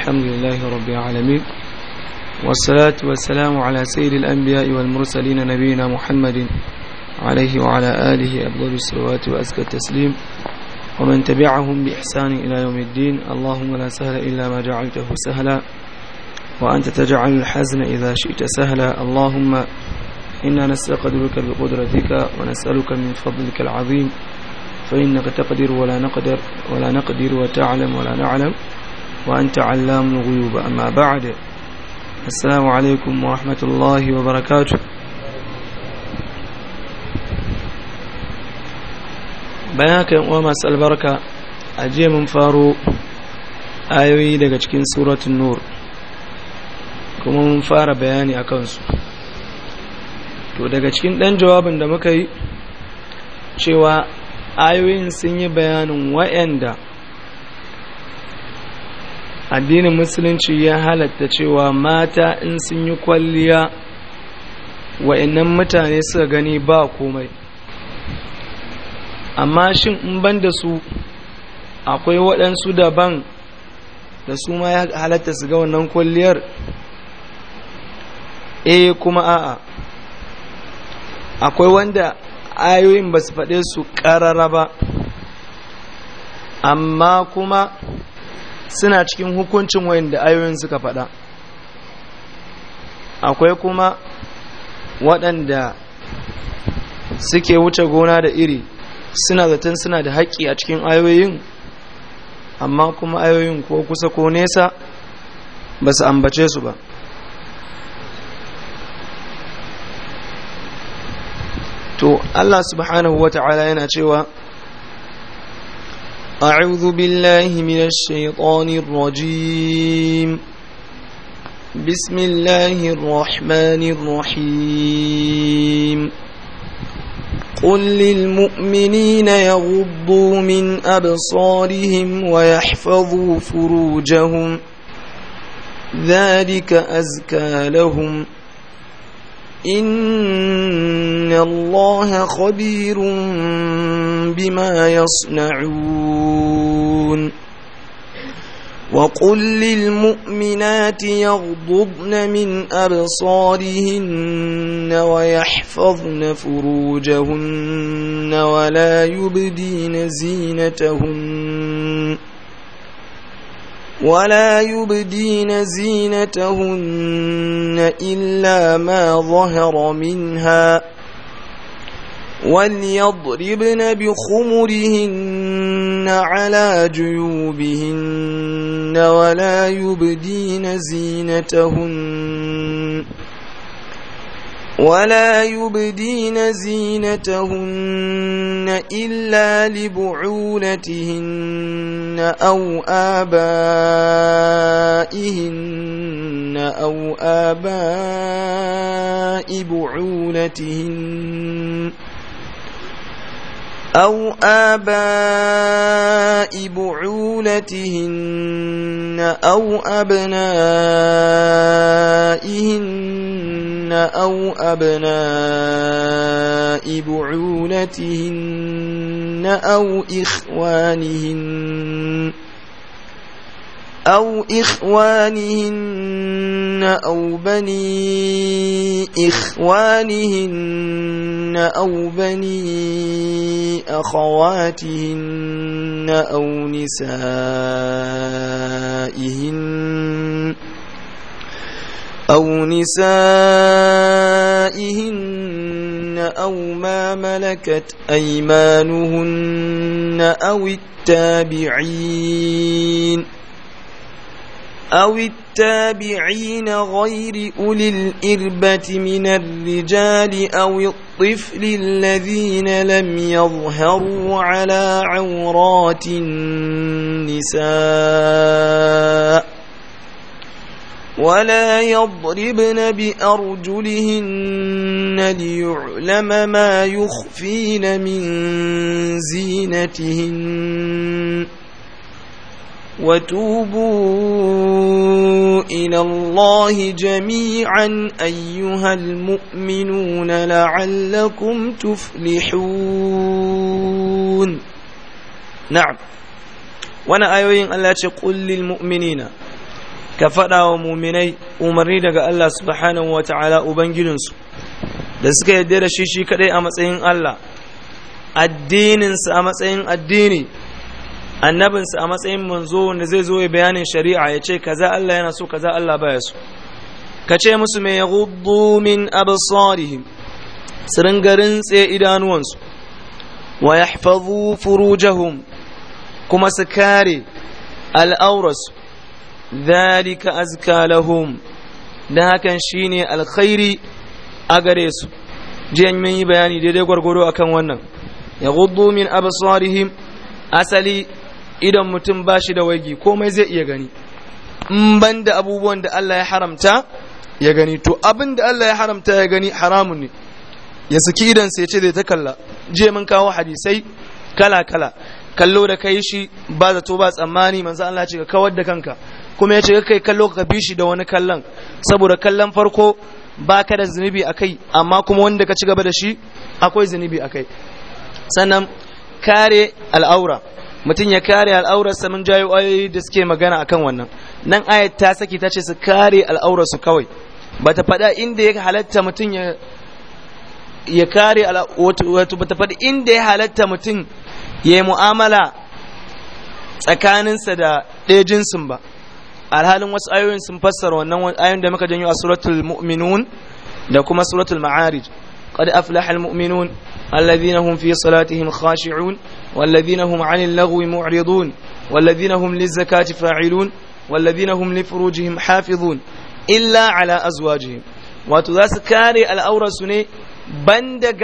الحمد لله رب العالمين والصلاة والسلام على سيد الأنبياء والمرسلين نبينا محمد عليه وعلى آله أفضل الصلوات وأزكى التسليم ومن تبعهم بإحسان إلى يوم الدين اللهم لا سهل إلا ما جعلته سهلا وأنت تجعل الحزن إذا شئت سهلا اللهم إنا نستقدرك بقدرتك ونسألك من فضلك العظيم فإنك تقدر ولا نقدر ولا نقدر وتعلم ولا نعلم wa in ta calaamuna gwiwa ba amma ba cade ba wa rahmatulahy wa barakatu. baya ka yi masu albarka ajiye mun faro ayoyi daga cikin surat nuwur kuma mun fara bayani a kansu to daga cikin dan jawabin da muka yi cewa ayoyin sun yi bayanin wayanda. addinin musulunci ya halatta cewa mata in sun yi kwalliya wa'annan mutane suka gani ba komai amma shin in ban da su akwai waɗansu daban da su ma ya halatta su ga wannan kwalliyar eh kuma a'a akwai wanda ayoyin ba su faɗe su ƙarara ba amma kuma suna cikin hukuncin wayanda ayoyin suka faɗa akwai kuma waɗanda suke wuce gona da iri suna zaton suna da haƙƙi a cikin ayoyin amma kuma ayoyin ko kusa ko nesa ba su ambace su ba to Allah subhanahu wa ta'ala yana cewa أعوذ بالله من الشيطان الرجيم بسم الله الرحمن الرحيم قل للمؤمنين يغضوا من أبصارهم ويحفظوا فروجهم ذلك أزكى لهم إن الله خبير بما يصنعون وقل للمؤمنات يغضبن من أبصارهن ويحفظن فروجهن ولا يبدين زينتهن ولا يبدين زينتهن إلا ما ظهر منها وليضربن بخمرهن على جيوبهن ولا يبدين زينتهن ولا يبدين زينتهن إلا لبعولتهن أو آبائهن أو آباء بعولتهن أو آباء بعولتهن أو أبنائهن أو أبناء بعولتهن أو إخوانهن أو إخوانهن أو بني إخوانهن أو بني أخواتهن أو نسائهن أو نسائهن أو ما ملكت أيمانهن أو التابعين أو التابعين غير أولي الإربة من الرجال أو الطفل الذين لم يظهروا على عورات النساء ولا يضربن بأرجلهن ليعلم ما يخفين من زينتهن وتوبوا إلى الله جميعا أيها المؤمنون لعلكم تفلحون نعم وانا ce الله تقول للمؤمنين faɗawa ومؤمني umarni daga Allah subhanahu wa ta'ala Ubangijinsu da suka yarda da shi shi kadai a matsayin Allah addininsa a matsayin addini annabinsa a matsayin manzo wanda zai zo ya bayanin shari'a ya ce kaza Allah yana so kaza Allah baya so ka ce musu mai yaghuddu min absarihim su ringa rintse idanuwansu wa yahfazu furujahum kuma su kare al'aurasu dhalika azka lahum dan hakan shine alkhairi a gare su jiyan mun yi bayani daidai gwargwado akan wannan yaghuddu min absarihim asali idan mutum ba shi da waigi komai zai iya gani in ban da abubuwan da Allah ya haramta ya gani to abin da Allah ya haramta ya gani haramun ne ya saki idan sai ce zai ta kalla je mun kawo hadisai kala kala kallo da kai shi ba zato ba tsammani manzo Allah ya ce ka kawar da kanka kuma ya ce kai kallo ka bi shi da wani kallon saboda kallon farko baka da zunubi akai amma kuma wanda ka ci gaba da shi akwai zunubi akai kai sannan kare al'aura mutum ya kare al'aurarsa mun jayo ayoyi da suke magana akan wannan nan ayat ta saki ta ce su kare al'aurarsu kawai ba ta faɗa inda ya halatta mutum ya ya kare wato ba ta faɗi inda ya halatta mutum ya yi mu'amala tsakaninsa da ɗaya ba alhalin wasu ayoyin sun fassara wannan ayoyin da muka janyo a suratul mu'minun da kuma suratul ma'arij qad aflaha al-mu'minun alladhina hum fi salatihim khashi'un والذين هم عن اللغو معرضون والذين هم للزكاة فاعلون والذين هم لفروجهم حافظون إلا على أزواجهم وتذاس كاري الأورس بندق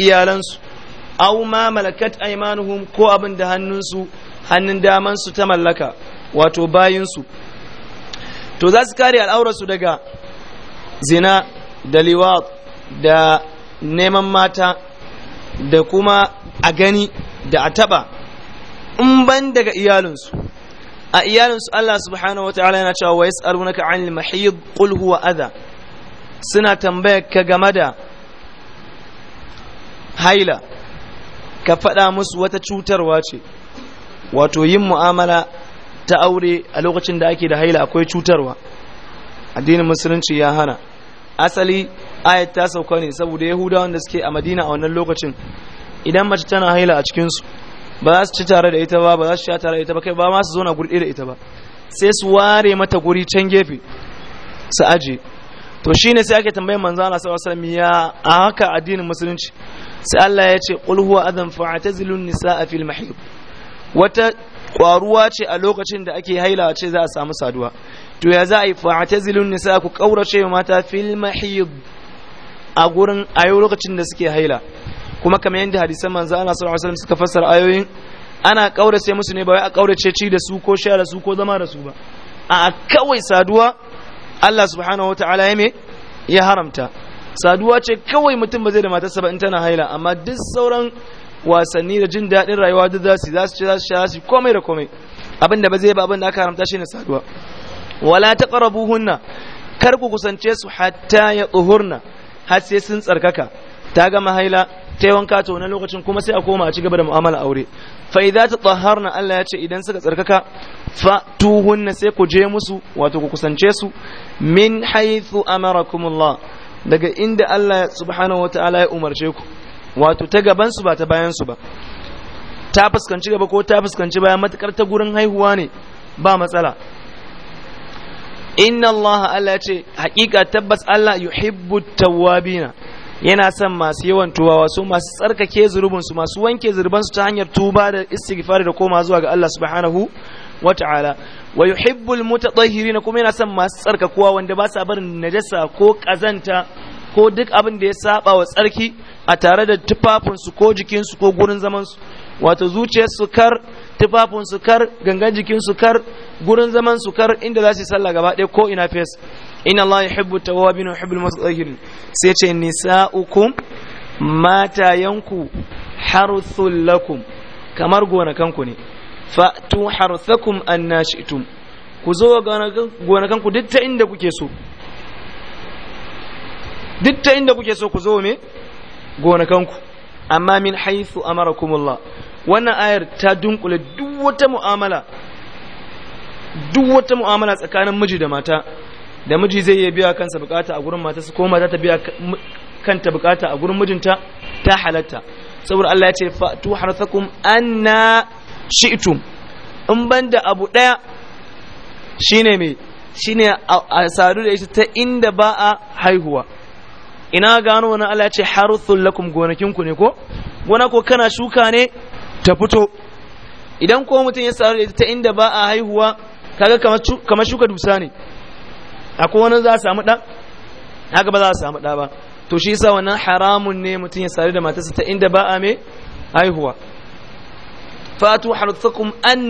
إيالنس أو ما ملكت أيمانهم كو أبن دهننس hannun damansu ta mallaka wato bayinsu to za su kare al'aurarsu daga zina da liwat da neman mata da kuma a gani da a taba in ban daga iyalinsu a iyalinsu Allah subhanahu ta'ala yana cewa wa arunaka 'anil mahid qul huwa adha suna tambayar ka game da haila ka faɗa musu wata cutarwa ce wato yin mu'amala ta aure a lokacin da ake da haila akwai cutarwa addinin musulunci ya hana asali ayat ta sauka ne saboda yahudawan da suke a madina a wannan lokacin idan mace tana haila a cikinsu ba za su ci tare da ita ba ba za su sha tare da ita ba kai ba ma su zauna guri da ita ba sai su ware mata guri can gefe su aje to shine sai ake tambayar manzo Allah sallallahu alaihi wasallam ya a haka addinin musulunci sai Allah ya ce qul huwa adhan fa'tazilun nisaa fil mahid wata kwaruwa ce a lokacin da ake haila ce za a samu saduwa to ya za a yi fa'tazilun nisaa ku kaurace mata fil mahid a gurin ayyuka lokacin da suke haila kuma kamar yadda hadisan manzo Allah sallallahu alaihi wasallam suka fassar ayoyin ana kaurace musu ne ba wai a kaurace ci da su ko sha su ko zama da su ba a kawai saduwa Allah subhanahu wataala ya me ya haramta saduwa ce kawai mutum ba zai da matarsa ba in tana haila amma duk sauran wasanni da jin daɗin rayuwa duk za su za su ci za su sha su komai da komai abin ba zai ba abin aka haramta shine saduwa wala taqrabuhunna kar ku kusance su hatta ya tsuhurna har sai sun tsarkaka ta gama haila ta wanka to na lokacin kuma sai a koma a ci gaba da mu'amala aure fa idza tatahharna Allah ya ce idan suka tsarkaka fa tuhunna sai ku je musu wato ku kusance su min haythu amarakumullah daga inda Allah subhanahu wataala ya umarce ku wato ta gaban su ba ta bayan su ba ta fuskanci gaba ko ta fuskanci baya matakar ta gurin haihuwa ne ba matsala inna Allah Allah ya ce hakika tabbas Allah yuhibbu tawwabina yana son masu yawan tuba wasu masu tsarkake zurubin su masu wanke zurban su ta hanyar tuba da istighfar da koma zuwa ga Allah subhanahu wata'ala wa yuhibbul mutatahhirin kuma yana son masu tsarkakuwa wanda ba sa barin najasa ko kazanta ko duk abin da ya saba wa tsarki a tare da su ko su ko gurin zamansu wato su kar su kar gangan su kar gurin su kar inda za su yi sallah gaba ɗaya ko ina fes inna Allah yuhibbu tawabin wa yuhibbul mutatahhirin sai ce nisa'ukum matayanku harthul lakum kamar gonakanku ne fa'tu harthakum anna ku zo gonakanku duk ta inda kuke so duk ta inda kuke so ku zo me gonakanku amma min haythu amarakumullah wannan ayar ta dunkule duk wata mu'amala duk wata mu'amala tsakanin miji da mata da miji zai iya biya kansa bukata a gurin matarsa ko mata ta biya kanta bukata a gurin mijinta ta halatta saboda Allah ya ce tu harthakum anna shi'tum in banda abu daya shine me shine a sadu da ita ta inda ba a haihuwa ina gano wannan Allah ya ce harthul lakum gonakin ku ne ko gona ko kana shuka ne ta fito idan ko mutum ya sadu da ita ta inda ba a haihuwa kaga kamar shuka dusa ne akwai wani za a samu ɗa haka ba za a samu ɗa ba to shi yasa wannan haramun ne mutum ya sadu da matarsa ta inda ba a me haihuwa fatu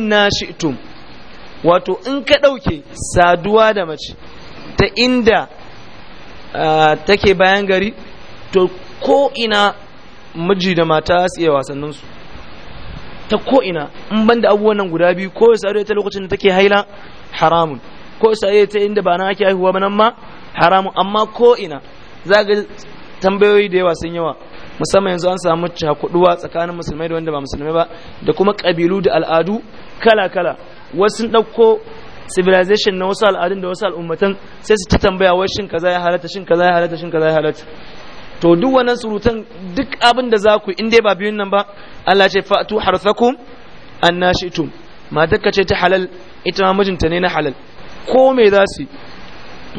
na shi shi'tum wato in ka ɗauke saduwa da mace ta inda take bayan gari to ko ina miji da mata su iya wasanninsu ta ko ina in banda abubuwan nan guda biyu ko ya sadu ta lokacin da take haila haramun ko saye ta inda ba na ake haihuwa ba nan ma haramun amma ko ina za ga tambayoyi da yawa sun yawa musamman yanzu an samu cakuduwa tsakanin musulmai da wanda ba musulmai ba da kuma kabilu da al'adu kala-kala wasu ɗauko civilization na wasu al'adun da wasu al'ummatan sai su ta tambaya wai shin kaza ya halatta shin kaza ya halatta shin kaza ya halatta to duk wannan surutan duk abin da za ku in dai ba biyun nan ba Allah ce fa'tu harsakum annashitum ma ka ce ta halal ita ma mijinta ne na halal ko me za su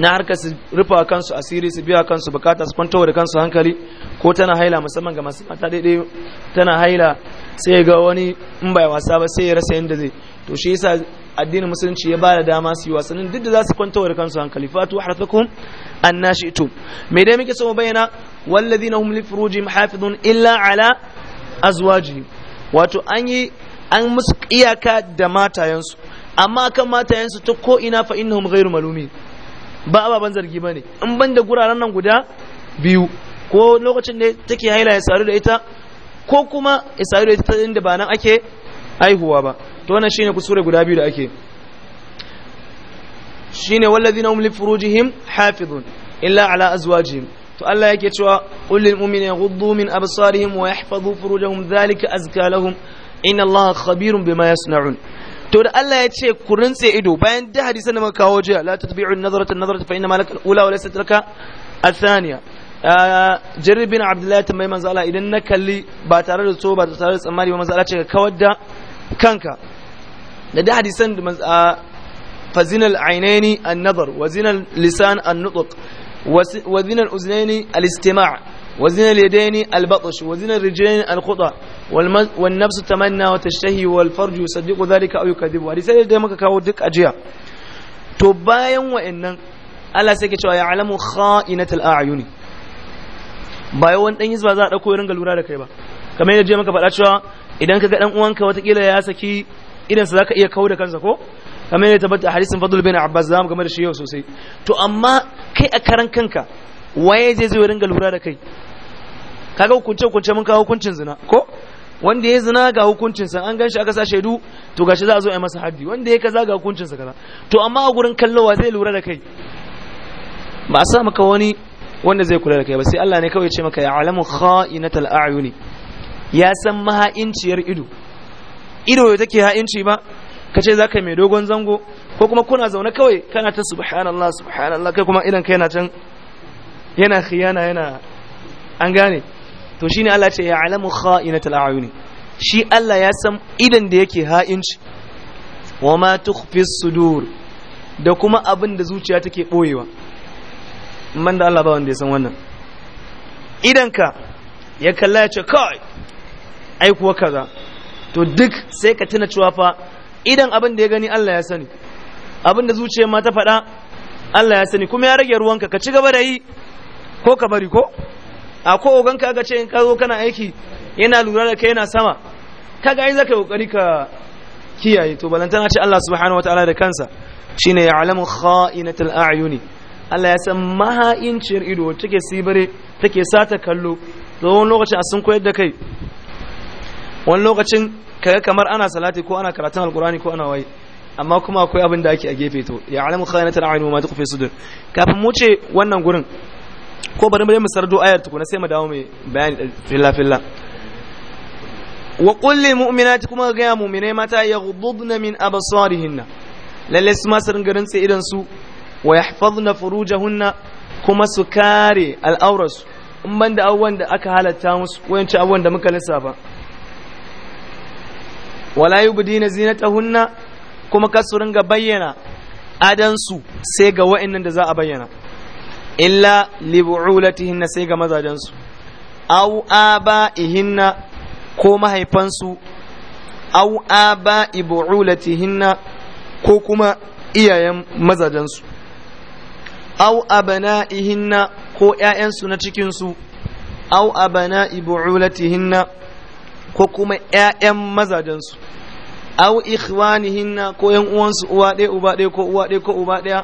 na harka su rufa kansu asiri su biya kansu bukata su kwanta da kansu hankali ko tana haila musamman ga masu mata daidai tana haila sai ga wani in bai wasa ba sai ya rasa yadda zai to shi yasa addinin musulunci ya bada dama su yi wasannin duk da za su kwanta da kansu hankali fatu harfakum annashitu me mai dai muke so mu bayyana wallazina hum lifuruji furujihim hafizun illa ala azwaji? wato an yi an musu iyaka da matayensu amma kan matayensu ta ko ina fa innahum ghairu malumi ba ababan zargi ne in ban da guraren nan guda biyu ko lokacin da take haila ya saru da ita ko kuma ya saru da ita inda ba nan ake aihuwa ba to wannan shine kusure guda biyu da ake shine wallazina hum li furujihim hafizun illa ala azwajihim to Allah yake cewa qul lil mu'minina yaghuddu min absarihim wa yahfazu furujahum dhalika azka lahum inna Allaha khabirun bima yasna'un to da Allah ya ce ku rintse ido bayan da hadisan da muka kawo jiya la tatbi'u an-nazarata an-nazarata fa inna malaka al-ula wa laysat laka ath-thaniya ah, jarir bin abdullahi tambayi manzo Allah idan na kalli ba tare da so ba tare da tsammani ba manzo Allah ce ka kawar da kanka da da hadisan da ah, fazinal ainaini an-nazar wa zinal lisan an-nutq wa zinal uznaini al-istima' وزن اليدين البطش وزن الرجلين الخطا والنفس تمنى وتشتهي والفرج يصدق ذلك او يكذب hadisai da muka kawo duk ajiya to bayan wa'annan Allah sai ke cewa ya alamu kha'inatul a'yuni bayan wani dan yizba za a dauko ringa lura da kai ba kamar yadda muka faɗa cewa idan ka ga dan uwanka watakila ya saki idan sa zaka iya kawo da kansa ko kamar yadda tabbata hadisin fadl bin abbas zamu game da shi yau sosai to amma kai a karan kanka waye zai zo ya ringa lura da kai kaga hukunce hukunce mun kawo hukuncin zina ko wanda ya zina ga hukuncin sa an ganshi aka sa shaidu to gashi za a zo a yi masa haddi wanda ya kaza ga hukuncin sa kaza to amma a gurin kallowa zai lura da kai ba a sa maka wani wanda zai kula da kai ba sai Allah ne kawai ce maka ya alamu kha'inatal a'yuni ya san maha'inciyar ido ido ya take ha'inci ba ka ce zaka mai dogon zango ko kuma kuna zaune kawai kana ta subhanallah subhanallah kai kuma idan kai na can yana khiyana yana an gane to shine Allah ce ya alamu kha'inatul a'yuni shi Allah ya san idan da yake ha'inci wa ma tukhfi sudur da kuma abin da zuciya take boyewa man da Allah ba wanda ya san wannan idan ka ya kalla ya ce kai ai kuwa kaza to duk sai ka tuna cewa fa idan abin da ya gani Allah ya sani abin da zuciya ma ta faɗa Allah ya sani kuma ya rage ruwanka ka ci gaba da yi ko ka bari ko a ko ogan aka ce in ka zo kana aiki yana lura da kai yana sama kaga ai zaka kokari ka kiyaye to balantana ce Allah subhanahu wataala da kansa shine ya alamu kha'inatul a'yuni Allah ya san maha'inciyar ido take sibire take sata kallo to wani lokacin a sun koyar da kai wani lokacin kaga kamar ana salati ko ana karatun alqurani ko ana waye amma kuma akwai abin da ake a gefe to ya alamu kha'inatul a'yun ma tukhfi sudur kafin mu ce wannan gurin ko bari mu sardo ayar tukuna sai mu dawo mai bayani filla filla wa qul lil mu'minati kuma ga mu'minai mata yaghdudna min absarihinna lalle su ma sarin garin sai idan su wa yahfazna furujahunna kuma su kare al'aurarsu in ban da abubuwan da aka halatta musu yanci abubuwan da muka lissafa wala yubdina zinatahunna kuma kasu ringa bayyana adansu sai ga wa'annan da za a bayyana illa li bu'ulatihinna sai ga mazajensu aw aba'ihinna ko mahaifansu aw aba'i bu'ulatihinna ko kuma iyayen mazajensu aw abana'ihinna ko ƴaƴansu na cikin su aw abana'i bu'ulatihinna ko kuma ƴaƴan mazajensu aw ikhwanihinna ko ƴan uwansu uwa ɗaya uba ɗaya ko uwa ɗaya ko uba ɗaya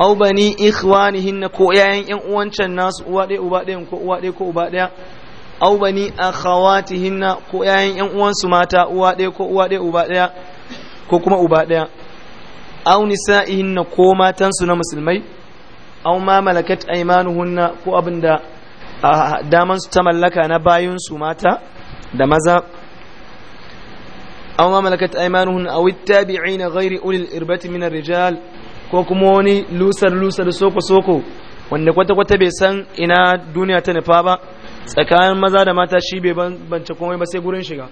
aw bani ikhwanihinna ko yayan yan uwancan nasu uwa ɗaya uba ɗaya ko uwa ɗaya ko uba ɗaya aw bani akhawatihinna ko yayan yan uwansu mata uwa ɗaya ko uwa ɗaya uba ɗaya ko kuma uba ɗaya aw nisa'ihinna ko matansu na musulmai aw ma malakat aymanuhunna ko abinda daman su ta mallaka na bayun su mata da maza aw ma malakat aymanuhunna aw ittabi'ina ghairi ulil irbati min ar-rijal ko kuma wani lusar lusar soko soko wanda kwata kwata bai san ina duniya ta nufa ba tsakanin maza da mata shi bai banci komai ba sai gurin shiga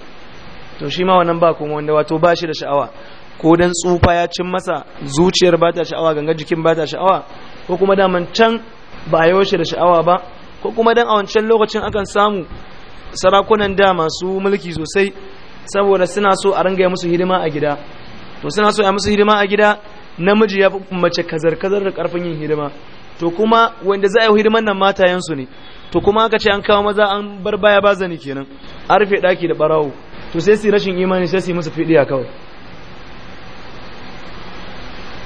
to shi ma wannan ba kuma wanda wato ba shi da sha'awa ko dan tsufa ya cin masa zuciyar ba ta sha'awa ganga jikin ba ta sha'awa ko kuma daman can ba a shi da sha'awa ba ko kuma dan a wancan lokacin akan samu sarakunan da masu mulki sosai saboda suna so a ringa musu hidima a gida to suna so a musu hidima a gida namiji ya fi mace kazar kazar da karfin yin hidima to kuma wanda za a yi hidiman nan matayensu ne to kuma aka ce an kawo maza an bar baya ba zani kenan an rufe daki da barawo to sai su rashin imani sai su yi musu fidiya kawai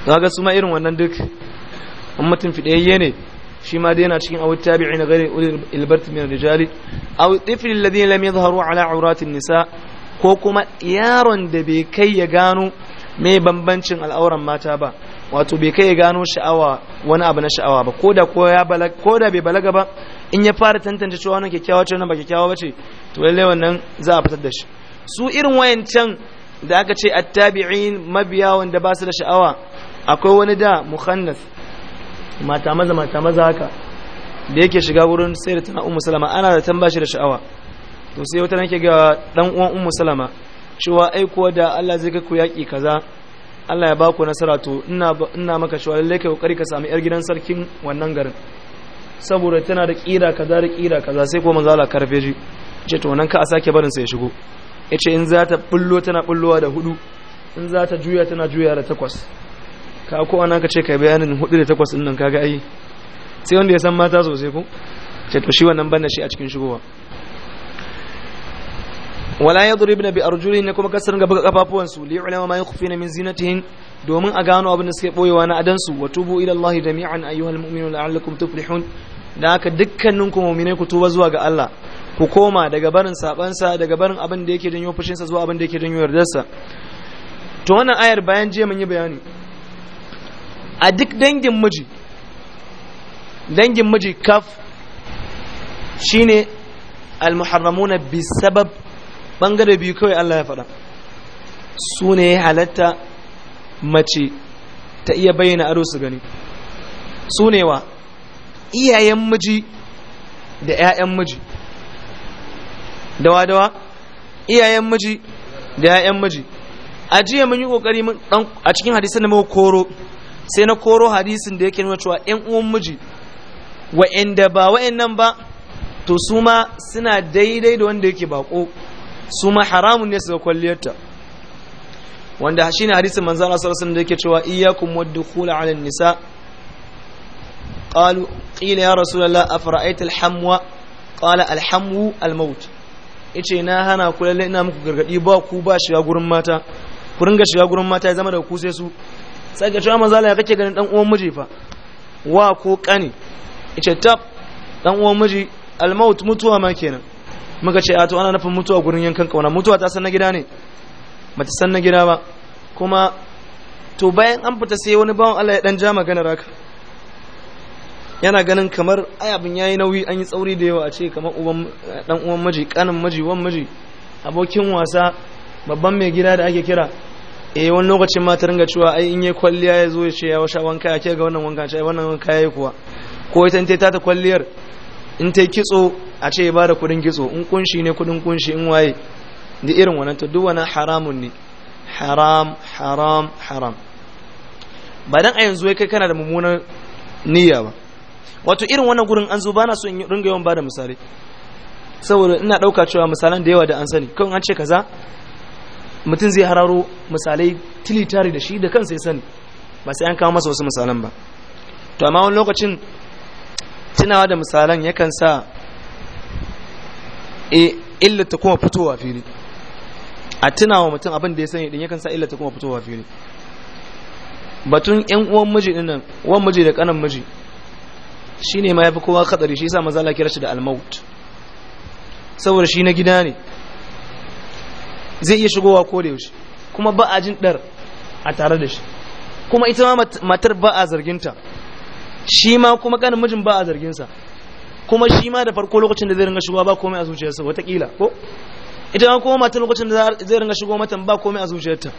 ga su suma irin wannan duk an mutum fidayayye ne shi ma dai yana cikin awu tabi'i na gari ilbert min rijali aw tifl alladhi lam yadhharu ala awratin nisa ko kuma yaron da bai kai ya gano me bambancin al'auran mata ba wato bai kai gano sha'awa wani abu na sha'awa ba ko da ya ko da bai balaga ba in ya fara tantance cewa wannan kyakkyawa ce wannan ba kyakkyawa ba ce to lallai wannan za a fitar da shi su irin wayancan da aka ce attabi'in mabiya wanda ba su da sha'awa akwai wani da mukhannas mata maza mata maza haka da yake shiga wurin sai tana ummu salama ana da tambashi da sha'awa to sai wata nake ga dan uwan ummu salama cewa aiko kuwa da Allah zai kai ku yaƙi kaza Allah ya baku nasara to ina ina maka cewa lalle kai kokari ka sami yar gidan sarkin wannan garin saboda tana da kira kaza da kira kaza sai ko manzo Allah karfe ji ce to nan ka a sake barin sa ya shigo yace in za ta bullo tana bullowa da hudu in za ta juya tana juya da takwas ka ko anan ka ce kai bayanin hudu da takwas din nan kaga ai sai wanda ya san mata sosai ko ce to shi wannan banda shi a cikin shigowa wala ya yadribna bi ne kuma kasar gaba kafafuwan su li ulama ma yukhfina min zinatihin domin a gano abin da suke boyewa na adan su wa tubu ila Allah jami'an ayyuhal mu'minun la'allakum tuflihun da haka dukkanin ku mu'minai ku tuba zuwa ga Allah ku koma daga barin sabansa daga barin abin da yake janyo fushinsa zuwa abin da yake janyo yardarsa to wannan ayar bayan jiya mun yi bayani a duk dangin miji dangin miji kaf shine al-muharramuna bi sabab bangare biyu kawai Allah ya faɗa su ne halatta mace ta iya bayyana aro su gani su ne wa iyayen miji da 'ya'yan miji dawa-dawa iyayen miji da 'ya'yan miji a jiya mun yi kokari a cikin hadisin da koro sai na koro hadisin da yake nuna cewa 'yan uwan miji wa'anda ba wa'annan ba to su ma suna daidai da wanda yake bako su ma haramun ne su ga kwalliyarta wanda shi ne hadisun manzan Allah sallallahu da yake cewa iyyakum wadda kula an-nisa qalu ƙila ya rasu afara'aita al-hamwa qala al alhamwu al ice na hana ku lalle ina muku gargadi ba ku ba shiga gurin mata ku ringa shiga gurin mata ya zama da ku sai su sai ga cewa manzan ya kake ganin dan uwan miji fa wa ko kani ice tab dan uwan miji al mutuwa ma kenan muka ce a to ana nufin mutuwa gurin yankan kauna mutuwa ta san na gida ne ba ta san na gida ba kuma to bayan an fita sai wani bawan Allah ya dan ja magana raka yana ganin kamar ai abin yayi nauyi an yi tsauri da yawa a ce kamar uban dan uwan miji kanin miji wan miji abokin wasa babban mai gida da ake kira eh wani lokacin ma ta ringa cewa ai in yayi kwalliya ya zo ya ce ya washa wanka ya ke ga wannan wanka ce wannan wanka yayi kuwa ko ita ta ta kwalliyar in ta kitso a ce ba da kudin kitso in kunshi ne kudin kunshi in waye da irin wannan ta duk haramun ne haram haram haram ba dan a yanzu kai kana da mummunan niyya ba wato irin wannan gurin an zo ba so in ringa yawan ba da misali saboda ina ɗauka cewa misalan da yawa da an sani kawai an ce kaza mutum zai hararo misalai tilitari da shi da kansa ya sani ba sai an kawo masa wasu misalan ba to amma wani lokacin tunawa da misalan yakan sa eh, illa ta kuma fitowa fili a tunawa mutum abin da ya sani din yakan sa illa ta kuma fitowa fili batun yan uwan miji din nan uwan miji da kanan miji shine ma yafi kowa kadari shi yasa maza Allah kira shi da al-maut saboda shi na gida ne zai iya shigowa ko da yaushe kuma ba a jin dar a tare da shi kuma ita ma matar ba a zarginta shi ma kuma kanin mijin ba a zarginsa kuma shi ma da farko lokacin da zai ringa shigowa ba komai a zuciyarsa watakila ko ita ma kuma mata lokacin da zai ringa shigo mata ba komai a zuciyarta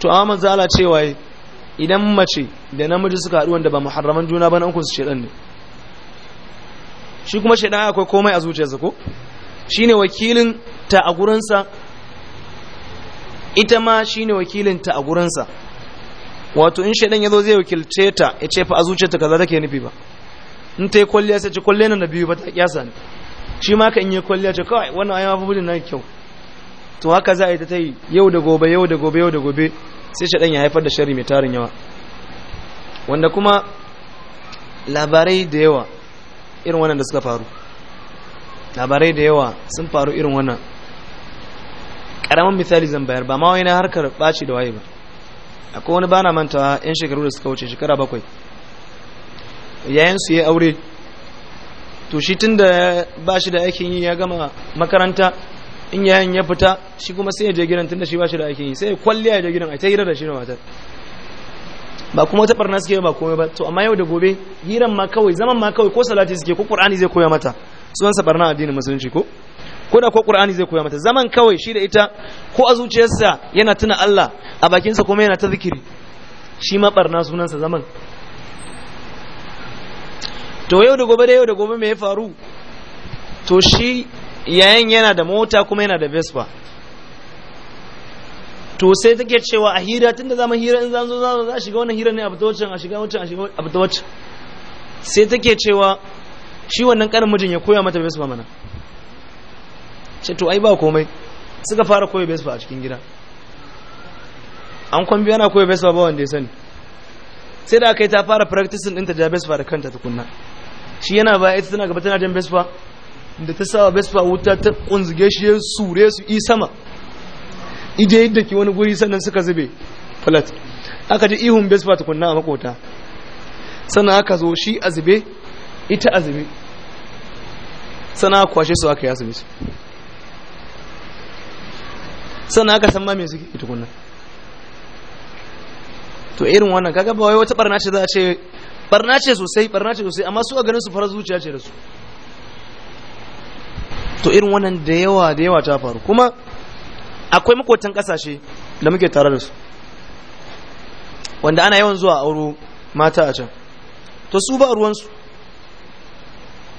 to amma manzo Allah cewa idan mace da namiji suka haɗu wanda ba muharraman juna ba nan uku su shedan ne shi kuma shedan akwai komai a zuciyarsa ko shine wakilin ta a gurinsa ita ma shine wakilin ta a gurinsa wato in shaidan yazo zai wakilce ta ya ce fa a zuciyarta kaza take nufi ba in ta yi kwalliya sai ce kwalliya na biyu ba ta kyasa ne shi ma ka in yi kwalliya ce kawai wannan ayyama fa budin na kyau to haka za a yi ta yi yau da gobe yau da gobe yau da gobe sai shaidan ya haifar da shari mai tarin yawa wanda kuma labarai da yawa irin wannan da suka faru labarai da yawa sun faru irin wannan karamin misali zan bayar ba ma wai na harkar ɓaci da waye ba akwai wani bana mantawa yan shekaru da suka wuce shekara bakwai yayin su ya aure to shi tun da ba shi da aikin yi ya gama makaranta in yayin ya fita shi kuma sai ya je gidan tun da shi ba shi da aikin yi sai ya kwalliya ya je gidan a ta hira da shi na matar ba kuma ta barna suke ba komai ba to amma yau da gobe hiran ma kawai zaman ma kawai ko salati suke ko qur'ani zai koya mata sunan sa barna addinin musulunci ko ko da ko qur'ani zai koya mata zaman kawai shi da ita ko a zuciyarsa yana tuna Allah a bakinsa kuma yana ta zikiri shi ma barna sunansa zaman to yau da gobe da yau da gobe me ya faru to shi yayin yana da mota kuma yana da vespa to sai take cewa a hira tunda zamu hira in zan zo za a shiga wannan hira ne a fita wacce a shiga wacce a shiga a fita wacce sai take cewa shi wannan karin mijin ya koya mata vespa mana ce to ai ba komai suka fara koyi baseball a cikin gida an kwambi yana koyi baseball ba wanda ya sani sai da aka yi ta fara practicing ɗinta da baseball da kanta tukunna shi yana ba ita tana gaba tana jan baseball da ta sawa baseball wuta ta kunzuge shi ya sure su i sama ije yadda ke wani guri sannan suka zube flat aka ji ihun baseball tukunna a makota sannan aka zo shi a ita a zube sannan kwashe su aka yi asibiti sannan aka san ma me suke tukunna to irin wannan kaga ba wai wata barna ce za a ce barna ce sosai barna ce sosai amma su a ganin su farar zuciya ce da su to irin wannan da yawa da yawa ta faru kuma akwai makotan kasashe da muke tare da su wanda ana yawan zuwa auro mata a can to su ba ruwansu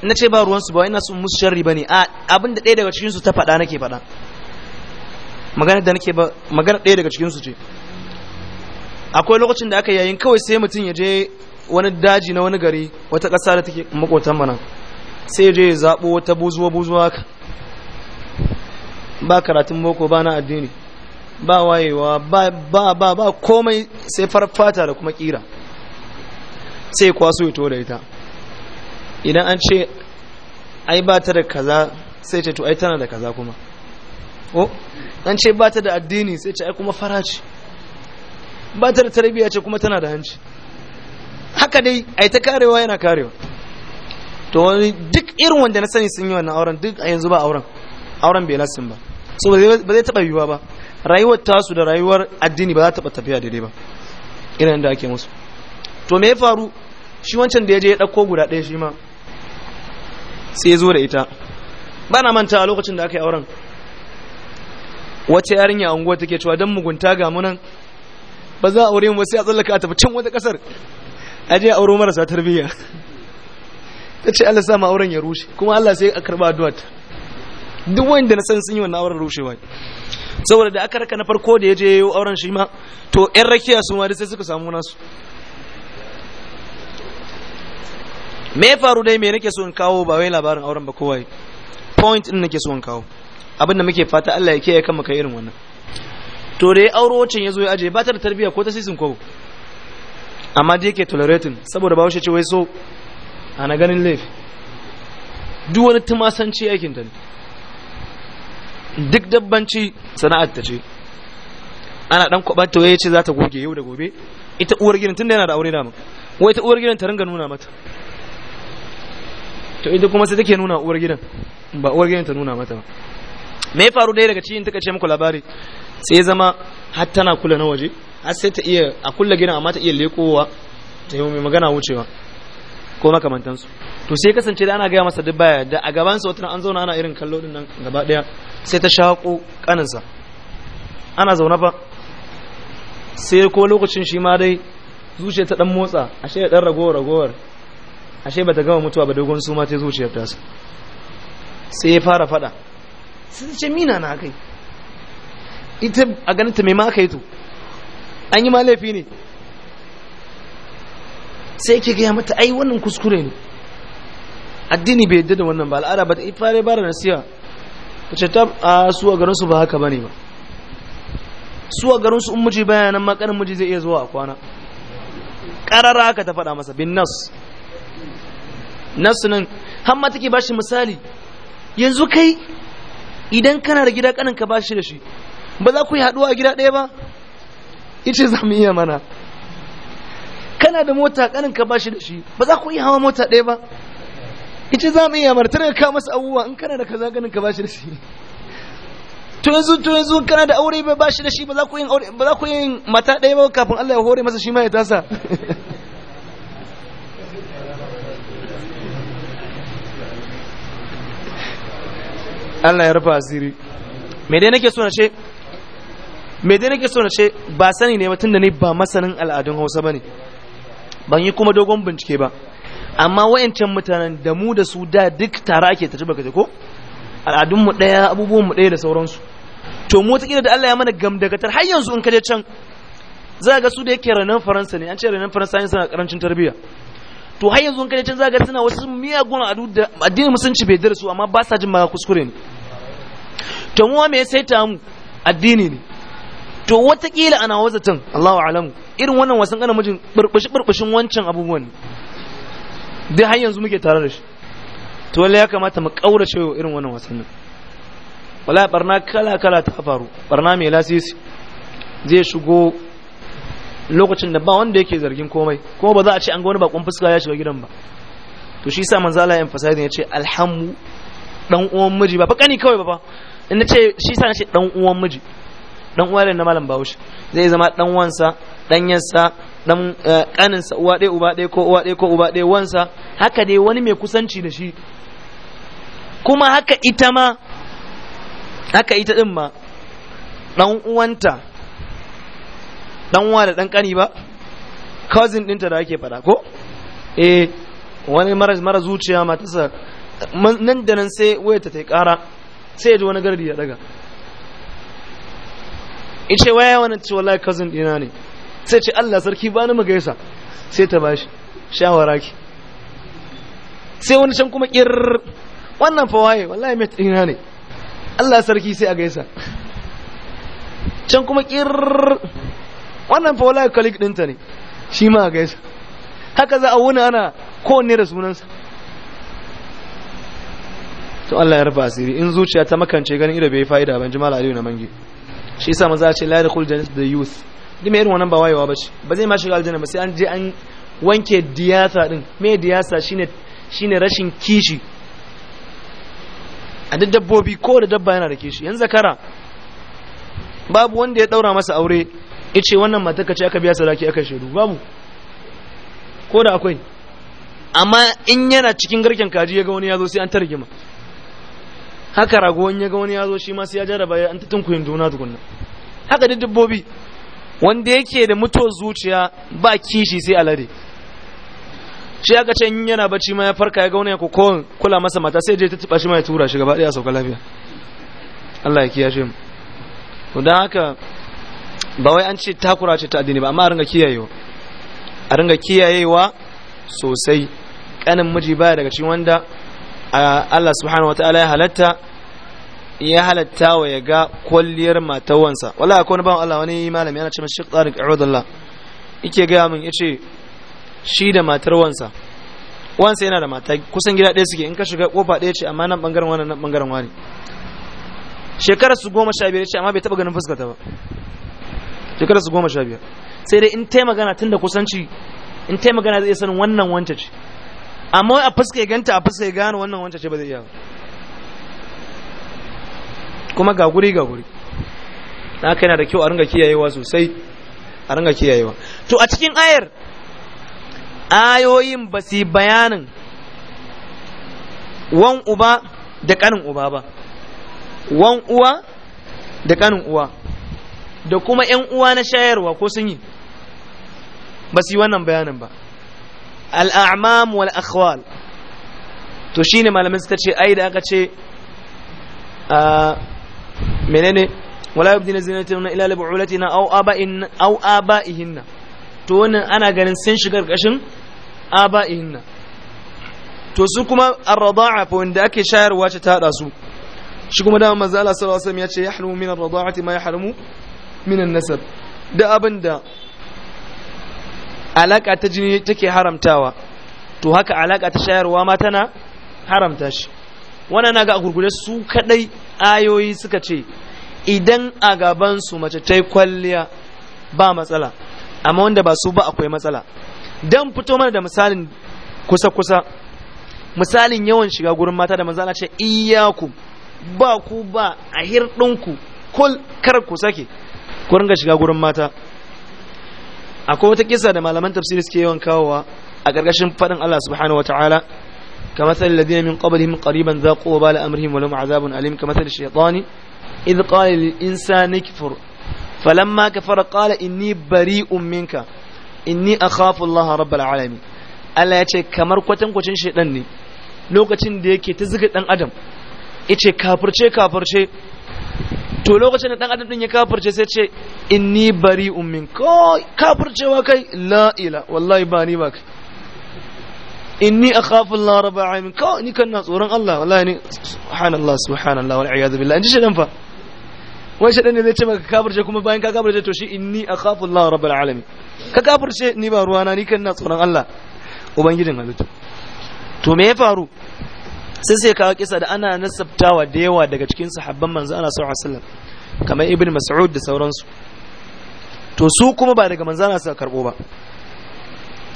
na ce ba ruwansu ba wai na sun musu sharri ba ne abinda ɗaya daga cikinsu ta faɗa nake faɗa magana da nake ba magana ɗaya daga cikinsu ce akwai lokacin da aka yayin kawai sai mutum ya je wani daji na wani gari wata ƙasa da take makotan mana sai ya je ya zaɓo wata buzuwa buzuwa haka ba karatun boko ba na addini ba wayewa ba ba ba komai sai farfata da kuma ƙira sai kwaso ya da ita idan an ce ai ba ta da kaza sai ce to ai tana da kaza kuma ko oh, an ce ba ta da addini sai ce ai kuma fara ce ba ta da tarbiyya ce kuma tana da hanci haka dai ai ta karewa yana karewa to wani duk irin wanda na sani sun yi wannan auren duk a yanzu ba auren auren bai lasin ba so ba zai taba yiwuwa ba rayuwar tasu da rayuwar addini ba za ta tafiya daidai ba irin da ake musu to me ya faru shi wancan da ya je ya ɗauko guda ɗaya shi ma sai ya zo da ita ba na manta a lokacin da aka yi auren wace yarinya a unguwa take cewa don mugunta ga munan ba za a aure mu ba sai a tsallaka a tafi can wata kasar a je a auro marasa tarbiyya ta ce Allah sama auren ya rushe kuma Allah sai a karba addu'a duk wanda na san sun yi wannan auren rushewa saboda da aka raka na farko da ya je yayo auren shi ma to ƴan rakiya su ma sai suka samu nasu me faru dai me nake so in kawo ba wai labarin auren ba kowai point din nake so in kawo abin da muke fata Allah ya ke ya muka irin wannan to da auro wacin ya zo ya aje ba ta da tarbiyya ko ta sisin kwabo amma da yake tolerating saboda ba ce wai so ana ganin laifi duk wani tumasanci aikin ta ne duk dabbanci sana'ar ta ce ana dan kwabata waye ce za ta goge yau da gobe ita uwar gidan tunda yana da aure da mu wai ta uwar gidan ta ringa nuna mata to ita kuma sai take nuna uwar gidan ba uwar gidan ta nuna mata ba me ya faru ɗaya daga cikin ta ce muku labari sai zama har tana kula na waje har sai ta iya a kulle gina amma ta iya lekowa ta yi mai magana wucewa ko makamantansu to sai kasance da ana gaya masa duk baya da a sa wata an zauna ana irin kallo din nan gaba ɗaya sai ta shaƙo kaninsa ana zaune fa sai ko lokacin shi ma dai zuciya ta dan motsa ashe ya dan ragowar ragowar ashe bata gama mutuwa ba dogon su ma ta zuciyar ta sai ya fara fada sun ce mina na kai ita a ganin ta mai ma to an yi ma laifi ne sai ke gaya mata ai wannan kuskure ne addini bai yadda da wannan ba al'ada ba ta ifare bara nasiya ta ce ta a su a garinsu ba haka ba ne ba su a garinsu in muji baya nan makarin muji zai iya zuwa a kwana ƙarara haka ta faɗa masa bin nas nas nan hamma take ba shi misali yanzu kai idan kana da gida kanin ka bashi da shi ba za ku yi haduwa a gida ɗaya ba ice za mu iya mana kana da mota kanin ka bashi da shi ba za ku iya hawa mota ɗaya ba ice za mu iya mana tana ka masa abubuwa in kana da kaza kanin ka bashi da shi to yanzu to yanzu kana da aure ba bashi da shi ba za ku yi aure ba za ku mata ɗaya ba kafin Allah ya hore masa shi ma ya tasa Allah ya rufa asiri me dai nake so na ce me dai nake so na ce ba sani ne da ne ba masanin al'adun Hausa bane ban yi kuma dogon bincike ba amma wayancan mutanen da mu da su da duk tare ake tafi baka ko al'adun mu daya abubuwan mu daya da sauransu to mu wata da Allah ya mana gamdagatar har yanzu in kaje can za ga su da yake ranan faransa ne an ce ranan faransa ne suna karancin tarbiyya to har yanzu kan can zaga suna wasu miyagun adu da addinin musulunci bai darasu amma ba sa jin ma kuskure ne to mu me sai ta mu addini ne to watakila ana tun Allahu a'lam irin wannan wasan kana mijin burbushi burbushin wancan abubuwan dai har yanzu muke tare da shi to wallahi ya kamata mu kaurace irin wannan wasannin wallahi barna kala kala ta faru barna mai lasisi zai shigo lokacin da ba wanda yake zargin komai kuma ba za a ce an ga wani bakon fuska ya shiga gidan ba to shi sa manzo Allah ya emphasize ya ce alhamu dan uwan miji ba fa kani kawai ba fa in nace shi sa nace dan uwan miji dan uwa ne na malam Bahaushe zai zama dan wansa dan yansa dan eh, sa uwa ɗaya uba ɗaya ko uwa ɗaya ko uba ɗaya wansa haka dai wani mai kusanci da shi kuma haka ita ma haka ita din ma dan uwanta dan uwa da dan kani ba cousin dinta da ake fada ko eh wani mara mara zuciya matarsa nan da nan sai wayarta ta kara sai ji wani gardi ya daga in ce waya wani ce wallahi cousin dina ne sai ce Allah sarki ba ni magaisa sai ta bashi shawara ki sai wani can kuma kir wannan fa waye wallahi mai dina ne Allah sarki sai a gaisa can kuma kir wannan fa wallahi kalik dinta ne shi ma gaisa haka za a wuna ana kowanne da sunansa to Allah ya rufa asiri in zuciya ta makance ganin ido bai fa'ida ban jimala aliyu na mangi shi yasa maza ce la yadkhul jannata the youth mai irin wannan ba wayewa ba shi ba zai ma shiga aljanna ba sai an je an wanke diyasa din me diyasa shine shine rashin kishi a duk dabbobi ko da dabba yana da kishi yanzu zakara babu wanda ya daura masa aure ice wannan mata ka ce aka biya sadaki aka shaidu babu ko da akwai amma in yana cikin garken kaji ya ga wani yazo sai an targima haka rago in ya ga wani yazo shi ma sai ya jaraba ya an ta tunkuyin duna tukunna haka da dabbobi wanda yake da mutuwar zuciya ba kishi sai alade shi aka ce in yana bacci ma ya farka ya ga wani ya kokon kula masa mata sai je ta tuba shi ma ya tura shi gaba a sauka lafiya Allah ya kiyashe mu don haka ba wai an ce takura ce ta addini ba amma a ringa kiyayewa a ringa kiyayewa sosai kanin miji baya daga cikin wanda Allah subhanahu wataala ya halatta ya halatta wa ya ga kwalliyar matawansa wala akwai wani bawan Allah wani malami yana ce mashi Tariq Abdullah yake ga min yace shi da matar wansa wansa yana da mata kusan gida ɗaya suke in ka shiga kofa ɗaya ce amma nan bangaren wani nan bangaren wani shekarar su goma sha biyar ce amma bai taɓa ganin fuskata ba shekarar su goma sha biyar sai dai in tai magana tun da kusanci in tai magana zai sanin wannan wancan ce amma a fuska ya ganta a fuska ya gano wannan wancan ce ba zai iya kuma ga guri ga guri na haka yana da kyau a ringa kiyayewa sosai a ringa kiyayewa to a cikin ayar ayoyin ba su bayanin wan uba da kanin uba ba wan uwa da kanin uwa da kuma ‘yan uwa na shayarwa ko sun yi ba su yi wannan bayanin ba al'amam wal akhwal to shi ne malamin suka ce ai da aka ce a menene wala yabdi na zinatin ila ulati na au aba'ihinna to wannan ana ganin sun shiga ƙarƙashin aba'ihinna to su kuma a fa wanda ake shayarwa ce ta hada su shi kuma da manzo Allah sallallahu alaihi wasallam ya ce yahrumu min arrada'ati ma yahrumu minan nasab da abin da alaka ta jini take haramtawa to haka alaka ta shayarwa ma tana haramta shi wannan na ga a gurgure su kadai ayoyi suka ce idan a gabansu mace ta kwalliya ba matsala amma wanda ba su ba akwai matsala don fito mana da misalin kusa-kusa misalin yawan shiga gurin mata da manzana ce iyaku ba ku ba a hirɗinku kul kar ku sake ku ringa shiga gurin mata akwai wata kisa da malaman tafsiri suke yawan kawowa a ƙarƙashin faɗin Allah subhanahu wataala kamar sai ladin min qablihim qariban zaqu wa kafara qala inni bari'un minka inni akhafu Allah rabbal kamar kwatan kwacin ne lokacin da yake ta zuga dan adam yace kafirce kafirce to lokacin da dan adam din ya kafirce sai ce inni bari'un min ko kafircewa kai la ila wallahi ba ni ba kai inni akhafu Allah ko ni kan tsoron Allah wallahi ni subhanallah subhanallah wal iyad billah shedan fa wai shedan ne zai ce maka kafirce kuma bayan ka kafirce to shi inni akhafu Allah alamin ka kafirce ni ba ruwana ni kan na tsoron Allah ubangijin halittu to me ya faru sai sai kawo kisa da ana nasabtawa da yawa daga cikin sahabban manzo ana sallallahu alaihi wasallam kamar ibn mas'ud da sauransu to su kuma ba daga manzo ana suka karbo ba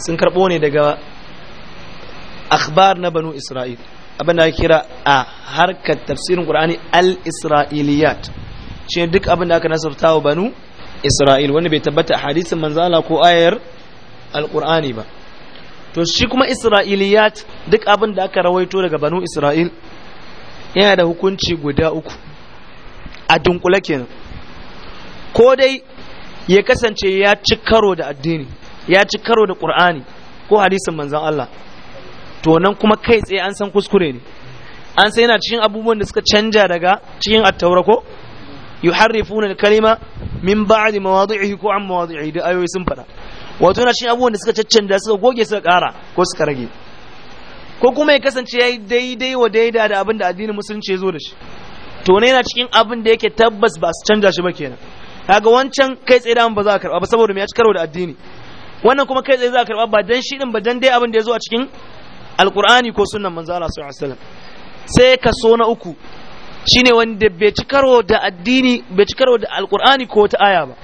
sun karbo ne daga akhbar na banu isra'il abin da kira a harkar tafsirin qur'ani al-isra'iliyat shi duk abin da aka nasabtawa banu isra'il wanda bai tabbata hadisin manzo ko ayar al-qur'ani ba to shi kuma isra'iliyat duk abin da aka rawaito daga banu isra'il yana da hukunci guda uku a dunkule kenan ko dai ya kasance ya ci karo da addini ya ci karo da ƙur'ani ko hadisin manzan Allah to nan kuma kai tsaye an san kuskure ne an san yana cikin abubuwan da suka canja daga cikin attaura ko yuharrifuna kalima min ba'di mawadi'ihi ko an mawadi'i da ayoyi sun faɗa wato yana cin abubuwan da suka caccanda suka goge suka kara ko suka rage ko kuma ya kasance ya yi daidai wa daida da abin da addinin musulunci ya zo da shi to ne yana cikin abin da yake tabbas ba su canja shi ba kenan kaga wancan kai tsaye da ba za a karba ba saboda me ya ci karo da addini wannan kuma kai tsaye za a karba ba dan shi din ba dan dai abin da ya zo a cikin alkur'ani ko sunnan manzo Allah sallallahu alaihi wasallam sai so na uku shine wanda bai ci karo da addini bai ci karo da alkur'ani ko ta aya ba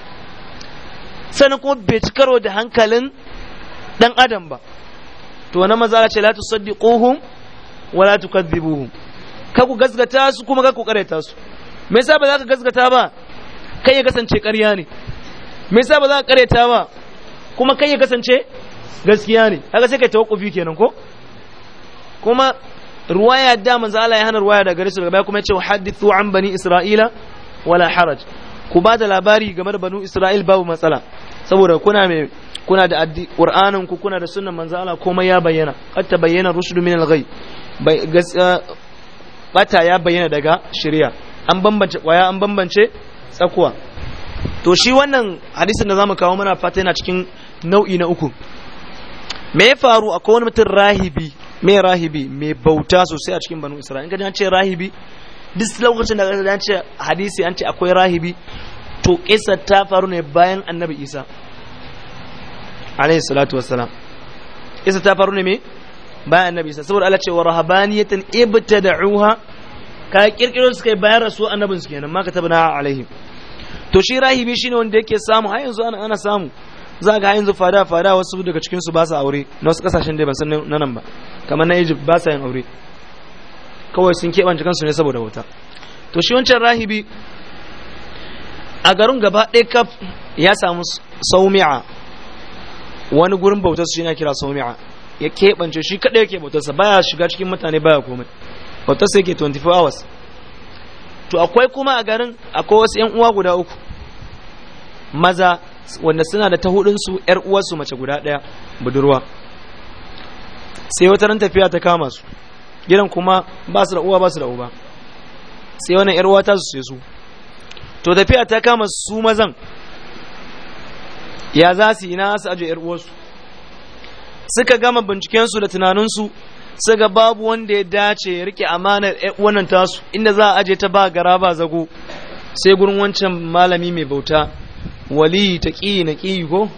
sannan kuma bai ci karo da hankalin dan adam ba to na maza ce la kohun wa la tukadhibuhum ka ku gazgata su kuma ka ku karaita su me yasa ba za ka gazgata ba kai ya kasance ƙarya ne me yasa ba za ka karaita ba kuma kai ya kasance gaskiya ne haka sai kai tawakkufi kenan ko kuma ruwaya da manzo Allah ya hana ruwaya daga gare su daga baya kuma ya ce hadithu an bani isra'ila wala haraj ku ba da labari game da banu Isra'il babu matsala saboda kuna mai kuna da Qur'anin ku kuna da sunnan manzo Allah komai ya bayyana hatta bayyana rusul min al bata ya bayyana daga shari'a an bambance kwaya an bambance tsakuwa to shi wannan hadisin da zamu kawo mana fata yana cikin nau'i na uku me ya faru akwai wani mutum rahibi me rahibi me bauta sosai a cikin banu Isra'il in ka ce rahibi duk lokacin da an ce hadisi an ce akwai rahibi to kisa ta faru ne bayan annabi isa alayhi salatu wassalam kisa ta faru ne me bayan annabi isa saboda Allah ce wa rahabaniyatan ibtada'uha ka kirkiro su kai bayan rasu annabin su kenan ma ka tabna alaihim to shi rahibi shine wanda yake samu har yanzu ana ana samu za ga yanzu fada fada wasu daga cikin su ba su aure na wasu kasashen dai ban san na nan ba kamar na Egypt ba sa yin aure kawai sun keɓance kansu ne saboda wuta to shi wancan rahibi a garin gaba ɗaya kaf ya samu saumi'a wani gurin bautar su yana kira saumi'a ya keɓance shi kaɗai yake sa baya shiga cikin mutane baya komai bautar sa yake 24 hours to akwai kuma a garin akwai wasu yan uwa guda uku maza wanda suna da ta su yar uwarsu mace guda ɗaya budurwa sai wata ran tafiya ta kama su gidan kuma ba su da uwa ba su da uba sai wannan yar uwa ta su sai su to tafiya ta kama su mazan ya za su ina su aje yar su? suka gama binciken su da tunanin tunaninsu suka babu wanda ya dace ya rike amanar wannan tasu inda za a aje ta ba gara ba zago sai gurin wancan malami mai bauta wali taqi naqi ko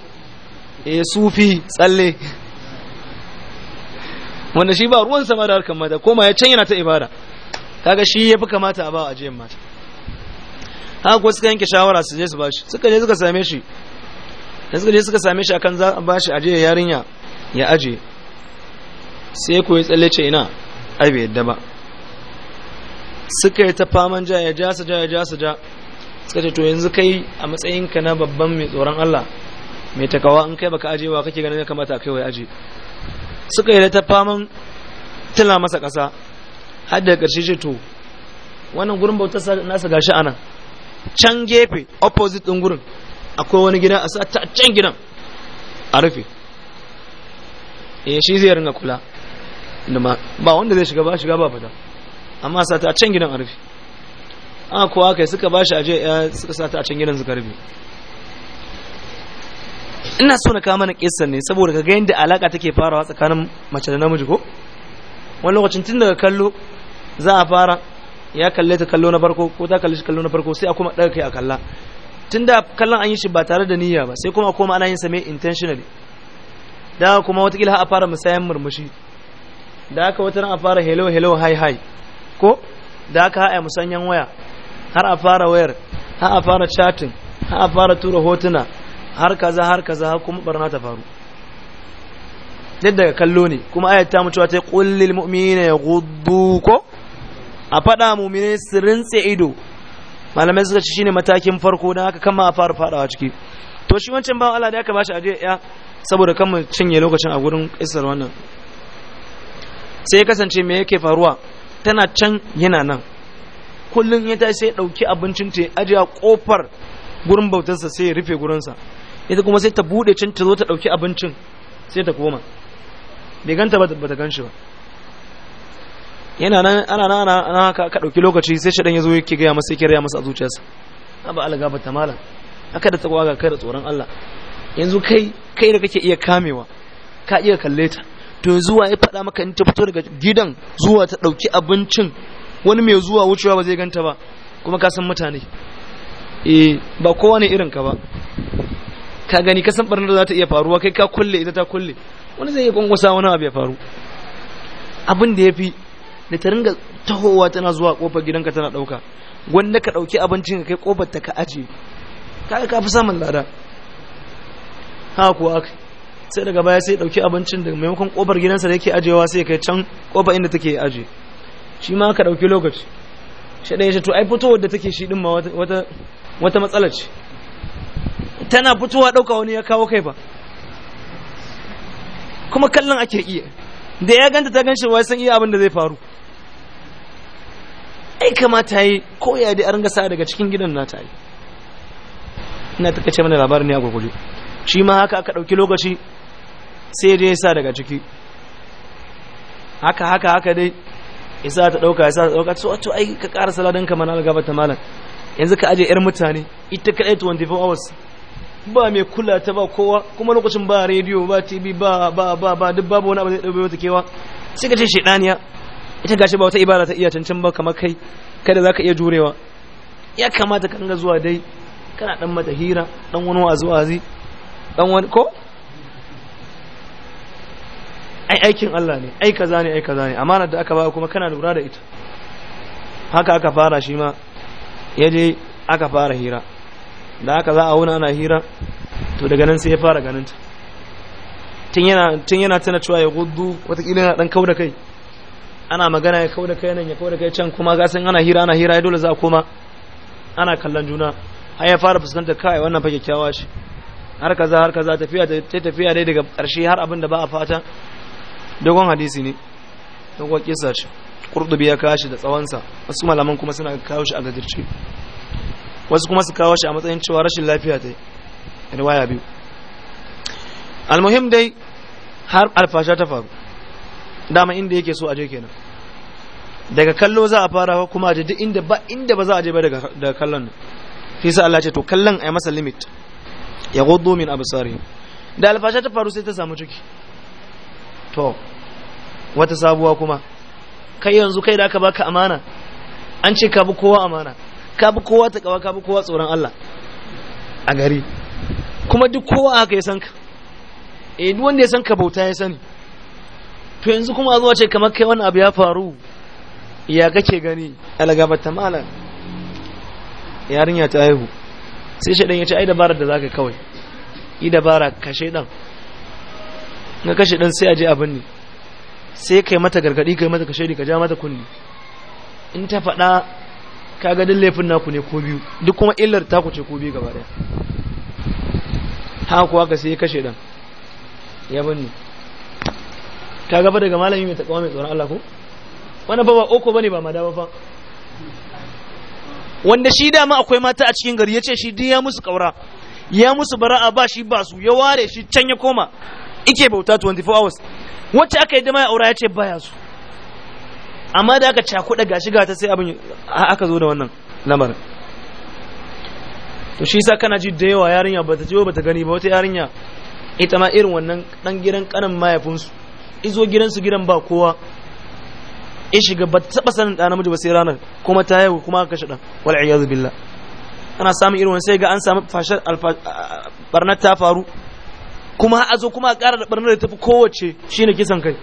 eh sufi tsalle wanda shi ba ruwan sama da harkar mata koma ya can yana ta ibada kaga shi ya fi kamata a ba a jiyan mata haka kuwa suka yanke shawara su je su bashi suka je suka same shi da suka je suka same shi akan za a shi ajiyar yarinya ya aje sai ku ya tsalle ce ina ai bai yadda ba suka yi ta faman ja ya ja su ja ya ja su ja suka ce to yanzu kai a matsayinka na babban mai tsoron Allah mai takawa in kai baka aje wa kake ganin ya kamata a kai wai aje suka yi ta faman tila masa ƙasa har da ƙarshe ce to wannan gurin bauta nasa gashi anan can gefe opposite ɗin gurin akwai wani gida a sa can gidan a rufe eh shi zai ringa kula ba wanda zai shiga ba shiga ba fita amma sata a can gidan a rufe aka kuwa kai suka ba shi aje eh, suka sa a can gidan suka rufe ina so na kawo mana kisan ne saboda ga yadda alaka take farawa tsakanin mace da namiji ko wani lokacin tun daga kallo za a fara ya kalle ta kallo na farko ko ta kalle shi kallo na farko sai a kuma ɗaga kai a kalla tun da kallon an yi shi ba tare da niyya ba sai kuma a koma ana yin sa mai intentionally da kuma watakila a fara musayan murmushi da aka wata a fara hello hello hi hi ko da aka haɗa musanyen waya har a fara wayar har a fara chatting har a fara tura hotuna har kaza har kaza har kuma barna ta faru duk daga kallo ne kuma ayat ta mutuwa ta kullil mu'minina yaghuddu ko a fada mu'mine su rintse ido malamai suka ce shine matakin farko dan haka kan ma fara fadawa ciki to shi wancan bawan Allah da aka bashi aje ya saboda kan mu cinye lokacin a gurin isar wannan sai ya kasance me yake faruwa tana can yana nan kullun ya tashi sai ya dauki abincin ta ya aje a kofar gurin bautarsa sai ya rufe gurin sa. ita kuma sai ta bude cin ta ta dauki abincin sai ta koma bai ganta ba ta ganshi ba yana nan ana nan ana haka ka dauki lokaci sai shi ya zo yake gaya masa yake ya masa a zuciyarsa aba Allah ta malam aka da takwa ga kai da tsoron Allah yanzu kai kai da kake iya kamewa ka iya kalle ta to zuwa ya faɗa maka in ta fito daga gidan zuwa ta dauki abincin wani mai zuwa wucewa ba zai ganta ba kuma ka san mutane eh ba kowa ne irin ka ba ka gani ka san barnar za ta iya faruwa kai ka kulle ita ta kulle wani zai iya kwankwasa wani abu ya faru abin da ya fi da ta ringa tahowa tana zuwa kofar gidanka tana ɗauka wanda ka ɗauki abincin ka kai kofar ta ka aje kaga ka fi samun lada Ha kuwa aka sai daga baya sai ɗauki abincin da maimakon kofar gidansa da yake ajewa sai kai can kofar inda take aje shi ma ka ɗauki lokaci shi ɗaya shi to ai fitowar da take shi ɗin ma wata matsala ce tana fitowa ɗauka wani ya kawo kai ba kuma kallon ake iya da ya ganta ta gan shi wai san iya abin da zai faru ai kamata yi ko ya dai ringa sa daga cikin gidan na ta yi ina ta kace mana labarin ne a gurguje shi ma haka aka ɗauki lokaci sai dai ya sa daga ciki haka haka haka dai isa ta ɗauka isa ta ɗauka so wato ai ka ƙara saladin kamar na gaba ta malam yanzu ka aje 'yar mutane ita kaɗai 24 hours ba mai kula ta ba kowa kuma lokacin ba rediyo ba tv ba ba ba ba duk babu wani abu zai ɗaube wata kewa sai ka ce shedaniya ita gashi ba wata ibada ta iya cancan ba kamar kai kada za ka iya jurewa ya kamata ka ga zuwa dai kana dan mata hira dan wani wazi wazi dan wani ko ai aikin Allah ne ai kaza ne ai kaza ne amanar da aka ba kuma kana lura da ita haka aka fara shi ma yaje aka fara hira da haka za a wuna ana hira to daga nan sai ya fara ganin ta tun yana tana cewa ya gudu watakila yana dan kau da kai ana magana ya kau da kai nan ya kau da kai can kuma ga san ana hira ana hira dole za a koma ana kallon juna har ya fara fuskantar kai wannan fa kyakkyawa ce har kaza har kaza tafiya ta tafiya dai daga karshe har abin da ba a fata dogon hadisi ne dogon kisa ce kurdubi ya kashi da tsawonsa wasu malaman kuma suna kawo shi a gajirce wasu kuma su kawo shi a matsayin cewa rashin lafiya ta riwaya biyu almuhim dai har alfasha ta faru dama inda yake so a je kenan daga kallo za a fara kuma a duk inda ba inda ba za a je ba daga kallon nan sa Allah ce to kallon a yi masa limit ya gudu min tsari. da alfasha ta faru sai ta samu ciki to wata sabuwa kuma kai yanzu kai da aka baka amana an ce ka bi kowa amana ka bi kowa ta kawa ka bi kowa tsoron Allah a gari kuma duk kowa aka ya san ka eh duk wanda ya san ka bauta ya sani to yanzu kuma a zuwa ce kamar kai wani abu ya faru ya kake gani algabata malam yarinya ta haihu sai shaidan ya ce ai dabarar da zaka kawai yi dabara ka shaidan na kashe dan sai a je abin ne sai kai mata gargadi kai mata kashe ka ja mata kunni in ta faɗa kaga duk laifin naku ne ko biyu duk kuma illar taku ce ko biyu gaba daya haka kuwa ka sai kashe dan ya bani ka gaba daga malami mai takawa mai tsoron Allah ko wani ba ba oko bane ba madawa fa wanda shi dama akwai mata a cikin gari yace shi din ya musu kaura ya musu bara'a ba shi ba su ya ware shi can ya koma ike bauta 24 hours wacce aka yi dama ya aura yace baya su amma da aka cakuɗa gashi ga ta sai abin aka zo da wannan lamarin to shi sa kana ji da yawa yarinya ba ta ba ta gani ba wata yarinya ita ma irin wannan dan gidan kanan mayafinsu izo gidansu gidan ba kowa in shiga ba taɓa sanin ɗa namiji ba sai ranar kuma ta yau kuma aka kashe ɗan wal iyazu billah ana samun irin wani sai ga an samu fashar barnar ta faru kuma a zo kuma a ƙara da barnar da tafi kowace shine kisan kai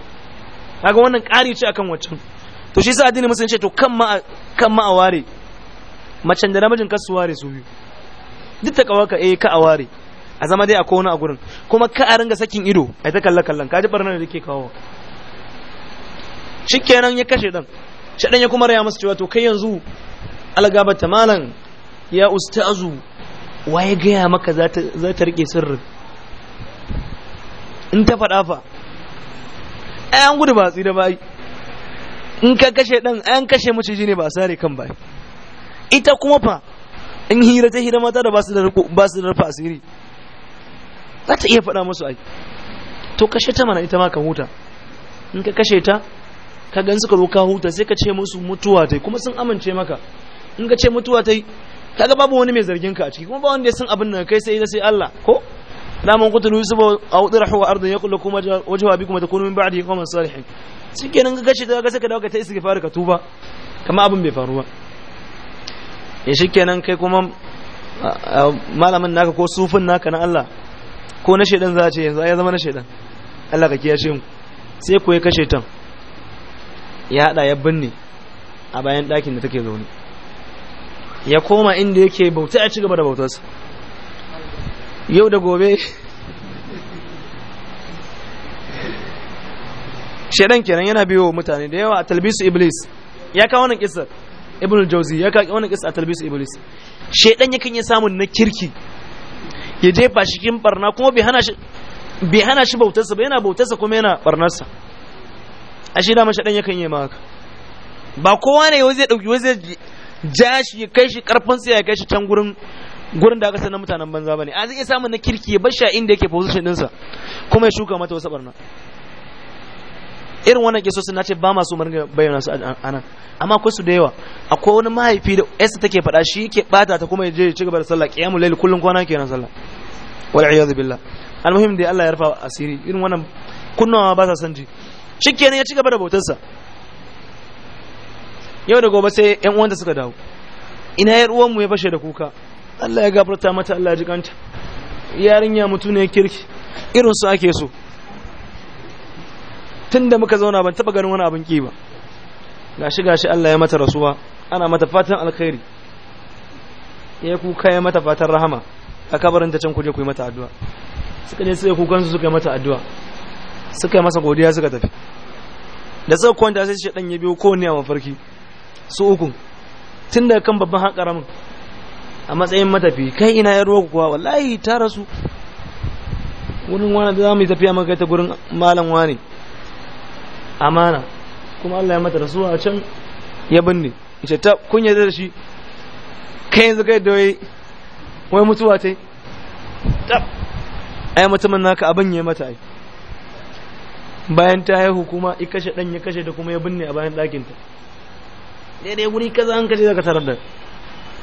kaga wannan ƙari ce akan waccan to shi sa addini ce to kan ma kan ma a ware macen da namijin kar su ware su biyu duk ta kawaka eh ka a ware a zama dai akwai wani a gurin kuma ka a ringa sakin ido a ta kalla kallon ka ji barnar da ke kawo kenan ya kashe dan shi dan ya kuma raya masa cewa to kai yanzu algabata malam ya ustazu waye gaya maka za ta rike sirrin in ta faɗa fa ai an gudu ba tsira ba in ka kashe dan an kashe maciji ne ba sare kan ba ita kuma fa in hira ta hira mata da ba su da ba da rufa asiri za ta iya faɗa musu ai to kashe ta mana ita ma ka huta in ka kashe ta ka gan suka zo ka huta sai ka ce musu mutuwa tai kuma sun amince maka in ka ce mutuwa tai kaga babu wani mai zargin ka a ciki kuma ba wanda ya san abin da kai sai ita sai Allah ko la man qutlu yusufa aw dirahu wa ardun yaqulu kuma wajhu bikum takunu min ba'di qawmin salihin suke nan kashe ta sai ka dawo ka ta istighfar ka tuba kama abin bai faru ba ya eh, shikenan kai kuma malamin naka ko sufin naka na Allah ko na shedan za a ce yanzu ya zama na shedan Allah ka kiyashe mu sai ko ya kashe tan ya hada ya binne a bayan ɗakin da take zaune ya koma inda yake bauta ya ci gaba da bautarsa yau da gobe shedan kenan yana biyo mutane da yawa a talbisu iblis ya kawo wannan kissar ibn jauzi ya kawo wannan kissar a talbisu iblis shedan yakan yi samun na kirki ya jefa shi cikin barna kuma bai hana shi bai hana shi bautarsa ba yana bautarsa kuma yana barnarsa ashe da mashaɗan yakan yi maka ba kowa ne wai zai dauki wai zai ja shi ya kai shi karfin sa ya kai shi can gurin gurin da aka sanar mutanen banza bane a zai iya samun na kirki ya bar shi a inda yake position sa kuma ya shuka mata wasu barna irin wannan kiso suna ce ba masu marin bayyana su ana amma akwai su da yawa akwai wani mahaifi da yasa take faɗa shi yake bata ta kuma je ya ci gaba da sallah qiyamul layl kullun kwana kenan sallah wal iyad billah almuhim dai Allah ya rufa asiri irin wannan kunnawa ba sa san ji shikenan ya ci gaba da bautarsa yau da gobe sai yan uwanta suka dawo ina yar mu ya fashe da kuka Allah ya gafarta mata Allah ya ji kanta yarinya mutune kirki irin su ake so tunda muka zauna ban taba ganin wani abin ƙi ba gashi gashi Allah ya mata rasuwa ana mata fatan alkhairi ya kuka ya mata fatan rahama a kabarin ta can kuje ku yi mata addu'a suka je suka kukan su suka yi mata addu'a suka yi masa godiya suka tafi da suka kwanta sai shaɗan ya biyo kowanne a mafarki su uku tun daga kan babban haƙaramin a matsayin matafi kai ina ya ku kuwa wallahi ta rasu wurin wani da za mu yi tafiya maka ta gurin malam wani amana kuma Allah ya mata rasuwa a can ya binne ita ta kun yarda da shi kai yanzu kai da wai wai mutuwa ta tab ai mutumin naka abin ya mata ai bayan ta haihu kuma i kashe dan ya kashe da kuma ya binne a bayan dakin ta dai guri kaza an kaje zaka tarar da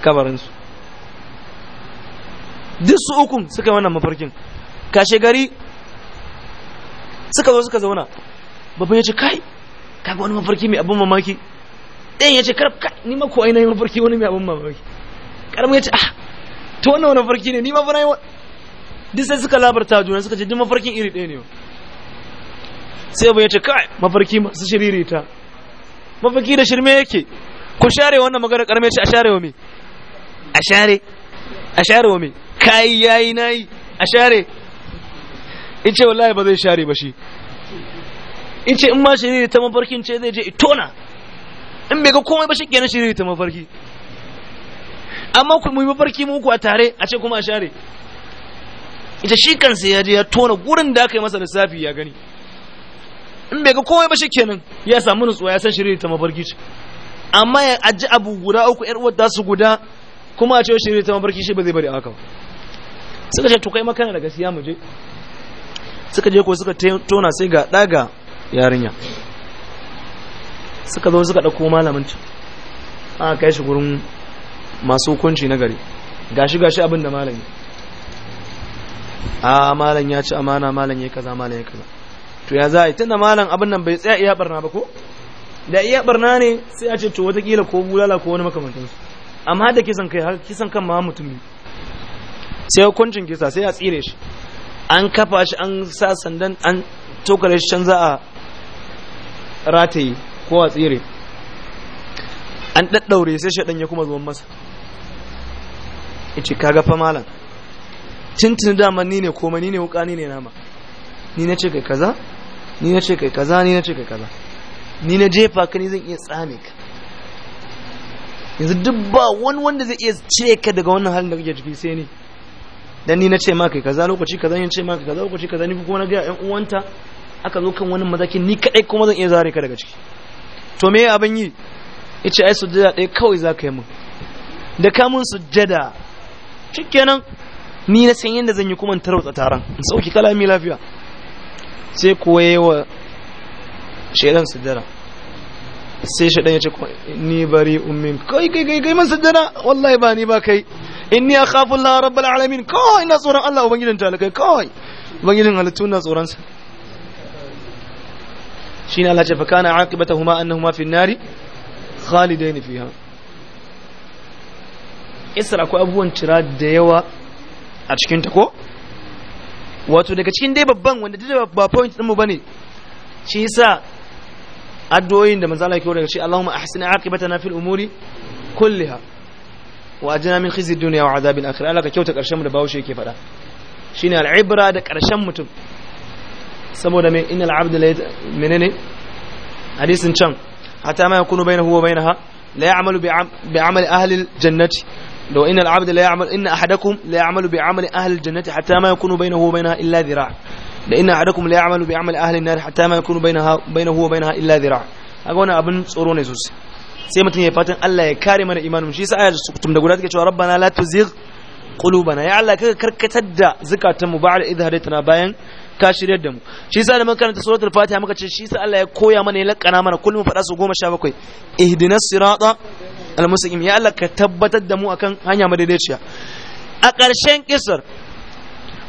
kabarin su duk su ukun suka wannan mafarkin kashe gari suka zo suka zauna Baba ya ce kai kaga wani mafarki mai abin mamaki ɗayan ya ce kar ni ma ko ainihin mafarki wani mai abin mamaki karamin ya ce ah to wannan wani mafarki ne ni ma bana yi duk sai suka labarta juna suka ce duk mafarkin iri ɗaya ne sai ya ce kai mafarki masu shiririta mafarki da shirme yake ku share wannan magana ya ce a share wa me a share a share wa me kai yayi nayi a share in ce wallahi ba zai share ba shi in ce in ma shiriri ta mafarkin ce zai je itona in bai ga komai ba shi na shiriri ta mafarki amma ku mu mafarki mu ku a tare a ce kuma a share ita shi kansa ya je ya tona gurin da aka yi masa lissafi ya gani in bai ga komai ba shi nan ya samu nutsuwa ya san shiriri ta mafarki ce amma ya aji abu guda uku yar uwar su guda kuma a ce shiriri ta mafarki shi ba zai bari haka suka ce to kai makana da gaskiya mu je suka je ko suka tona sai ga daga yarinya suka zo suka ɗauko malamin can a kai shi gurin masu hukunci na gari gashi gashi abin da malami a malam ya ci amana malam ya kaza malam ya kaza to ya za a yi tun da malam abin nan bai tsaya iya barna ba ko da iya barna ne sai a ce to watakila ko bulala ko wani makamantansu amma da kisan kai har kisan kan ma mutum ne sai hukuncin kisa sai a tsire shi an kafa shi an sa sandan an tokare shi can za a rataye ko a tsire an daddaure sai shaɗan ya kuma zuwan masa ice kaga fa malam cintin dama ni ne koma ni ne wuka ni ne nama ni na ce kai kaza ni na ce kai kaza ni na ce kai kaza ni na jefa ka ni zan iya tsame ka yanzu duk ba wani wanda zai iya cire ka daga wannan halin da kake ciki sai ni dan ni na ce ma kai kaza lokaci kaza ni ce ma kai kaza lokaci kaza ni kuma na ga ƴan uwanta aka zo kan wani mazakin ni kadai kuma zan iya zare ka daga ciki to me abin yi yace ai sujjada ɗaya kawai za ka yi mun da ka mun sujjada cikkenan ni na san yadda zan yi kuma tarau tarwatsa taron in sauki kalami lafiya sai kuwa yi wa shaidan sujjada sai shaidan ya ce ni bari ummin kai kai kai kai man sujjada wallahi ba ni ba kai inni akhafu Allah rabbul alamin kai ina tsoron Allah ubangijin talakai kai ubangijin halittu ina tsoron sa shine Allah ce fa kana aqibatuhuma annahuma fi an-nari fi ha. isra akwai abubuwan cira da yawa a cikin ta ko wato daga cikin dai babban wanda duk ba point din mu bane shi yasa addu'o'in da manzo Allah yake daga shi Allahumma ahsin aqibatana fil umuri kulliha wa ajina min khizi dunya wa adhabil akhirah Allah ka kyauta karshen mu da bawo shi yake fada shine al'ibra da karshen mutum saboda mai inal abdu menene hadisin can hatta ma yakunu bainahu wa bainaha la ya'malu bi amali ahli jannati لو إن العبد لا يعمل إن أحدكم لا يعمل بعمل أهل الجنة حتى ما يكون بينه وبينها إلا ذراع لأن أحدكم لا يعمل بعمل أهل النار حتى ما يكون بينها بينه وبينها إلا ذراع أقولنا أبن صورون يسوس sai mutum ya fatan Allah ya kare mana imanin shi sai ayatu tum da guda take cewa rabbana la tuzigh qulubana ya Allah kaga karkatar da zakatan mu ba'da idh hadaytana bayan ka shiryar da mu shi yasa da muka karanta suratul fatiha muka ce shi yasa Allah ya koya mana ya lakana mana kullum faɗa su 17 ihdinas sirata almustaqim ya Allah ka tabbatar da mu akan hanya madaidaiciya a ƙarshen kisar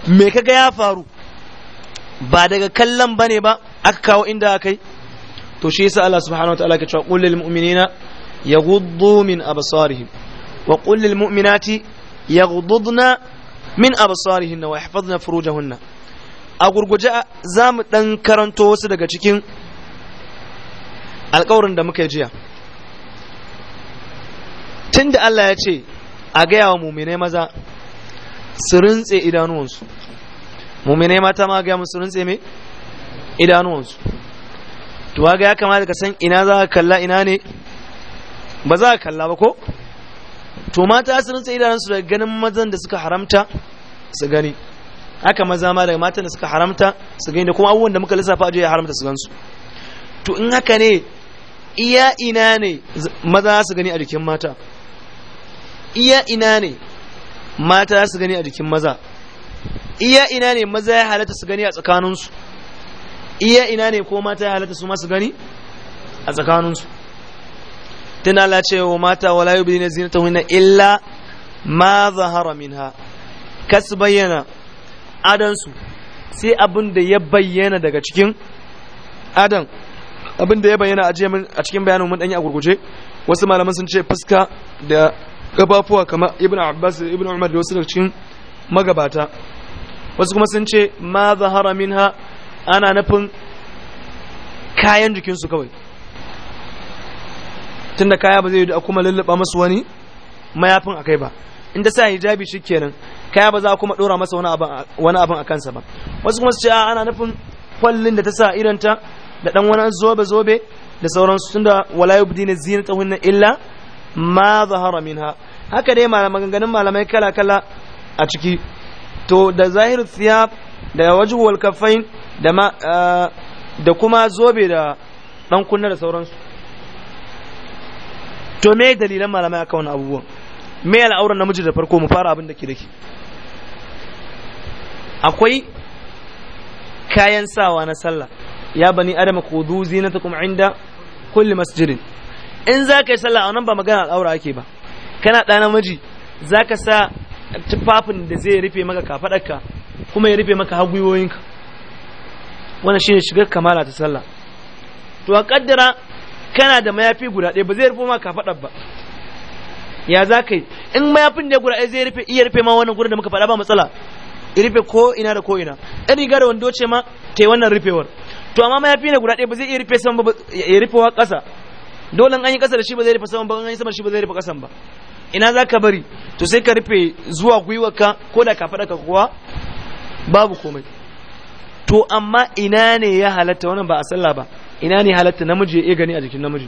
me kaga ya faru ba daga kallon bane ba aka kawo inda akai to shi yasa Allah subhanahu wataala ke cewa qul lil mu'minina yaghuddu min absarihim wa qul lil mu'minati yaghuddna min absarihinna wa yahfazna furujahunna a gurguje za mu ɗan karanto wasu daga cikin alkawarin da muka jiya tun da Allah ya ce a gaya wa muminai maza su rintse idanuwansu muminai mata ma gaya musu rintse mai idanuwansu to ga ya kamata ka san ina za ka kalla ina ne ba za ka kalla ba ko to mata su rintse idanunsu daga ganin mazan da suka haramta su gani haka maza ma daga matan da suka haramta su gani da kuma abubuwan da muka lissafa a ya haramta su gansu to in haka ne iya ina ne maza su gani a jikin mata iya ina ne mata su gani a jikin maza iya ina ne maza ya halatta su gani a tsakaninsu iya ina ne ko mata ya halatta su su gani a tsakaninsu tana la cewa mata wala yubdina zinatahunna illa ma zahara minha kas bayyana adansu sai abin da ya bayyana daga cikin adan abin da ya bayyana a cikin bayanin mun danyi a gurguje wasu malaman sun ce fuska da gabafuwa kamar ibn abbas ibn umar da wasu daga cikin magabata wasu kuma sun ce ma zahara minha ana nufin kayan jikinsu kawai tunda kaya ba zai yi da kuma lullaba masu wani mayafin akai ba inda ta sa hijabi kenan. kaya ba za kuma dora masa wani abin a kansa ba wasu kuma su ce ana nufin kwallin da ta sa ta da dan wani zobe zobe da sauransu tunda wala yubdina zinatahunna illa ma zahara minha haka dai maganganun malamai kala kala a ciki to da zahiru thiyab da wajhuwal kaffain da ma da kuma zobe da dan kunna da sauransu to me dalilan malamai akan wannan abubuwan me al'auran namiji da farko mu fara abin da ke dake akwai kayan sawa na sallah ya bani adam khudhu zinatakum inda kulli masjidin in za yi sallah a nan ba magana al'aura ake ba kana ɗa namiji za ka sa tufafin da zai rufe maka kafadarka kuma ya rufe maka hagwiwoyinka wannan shine shigar kamala ta sallah to a kaddara kana da mayafi guda ɗaya ba zai rufe maka kafadar ba ya za ka yi in mayafin da guda ɗaya zai rufe iya rufe ma wannan gurin da muka faɗa ba matsala rufe ko ina da ko ina ɗan riga da wando ce ma ta yi wannan rufewar to amma mayafi ne guda ɗaya ba zai iya rufe sama ba ya rufe wa ƙasa dole an yi ƙasa da shi ba zai rufe sama ba an yi sama shi ba zai rufe ƙasan ba ina za ka bari to sai ka rufe zuwa gwiwa ka ko da ka ka kuwa babu komai to amma ina ne ya halatta wannan ba a sallah ba ina ne halatta namiji ya iya gani a jikin namiji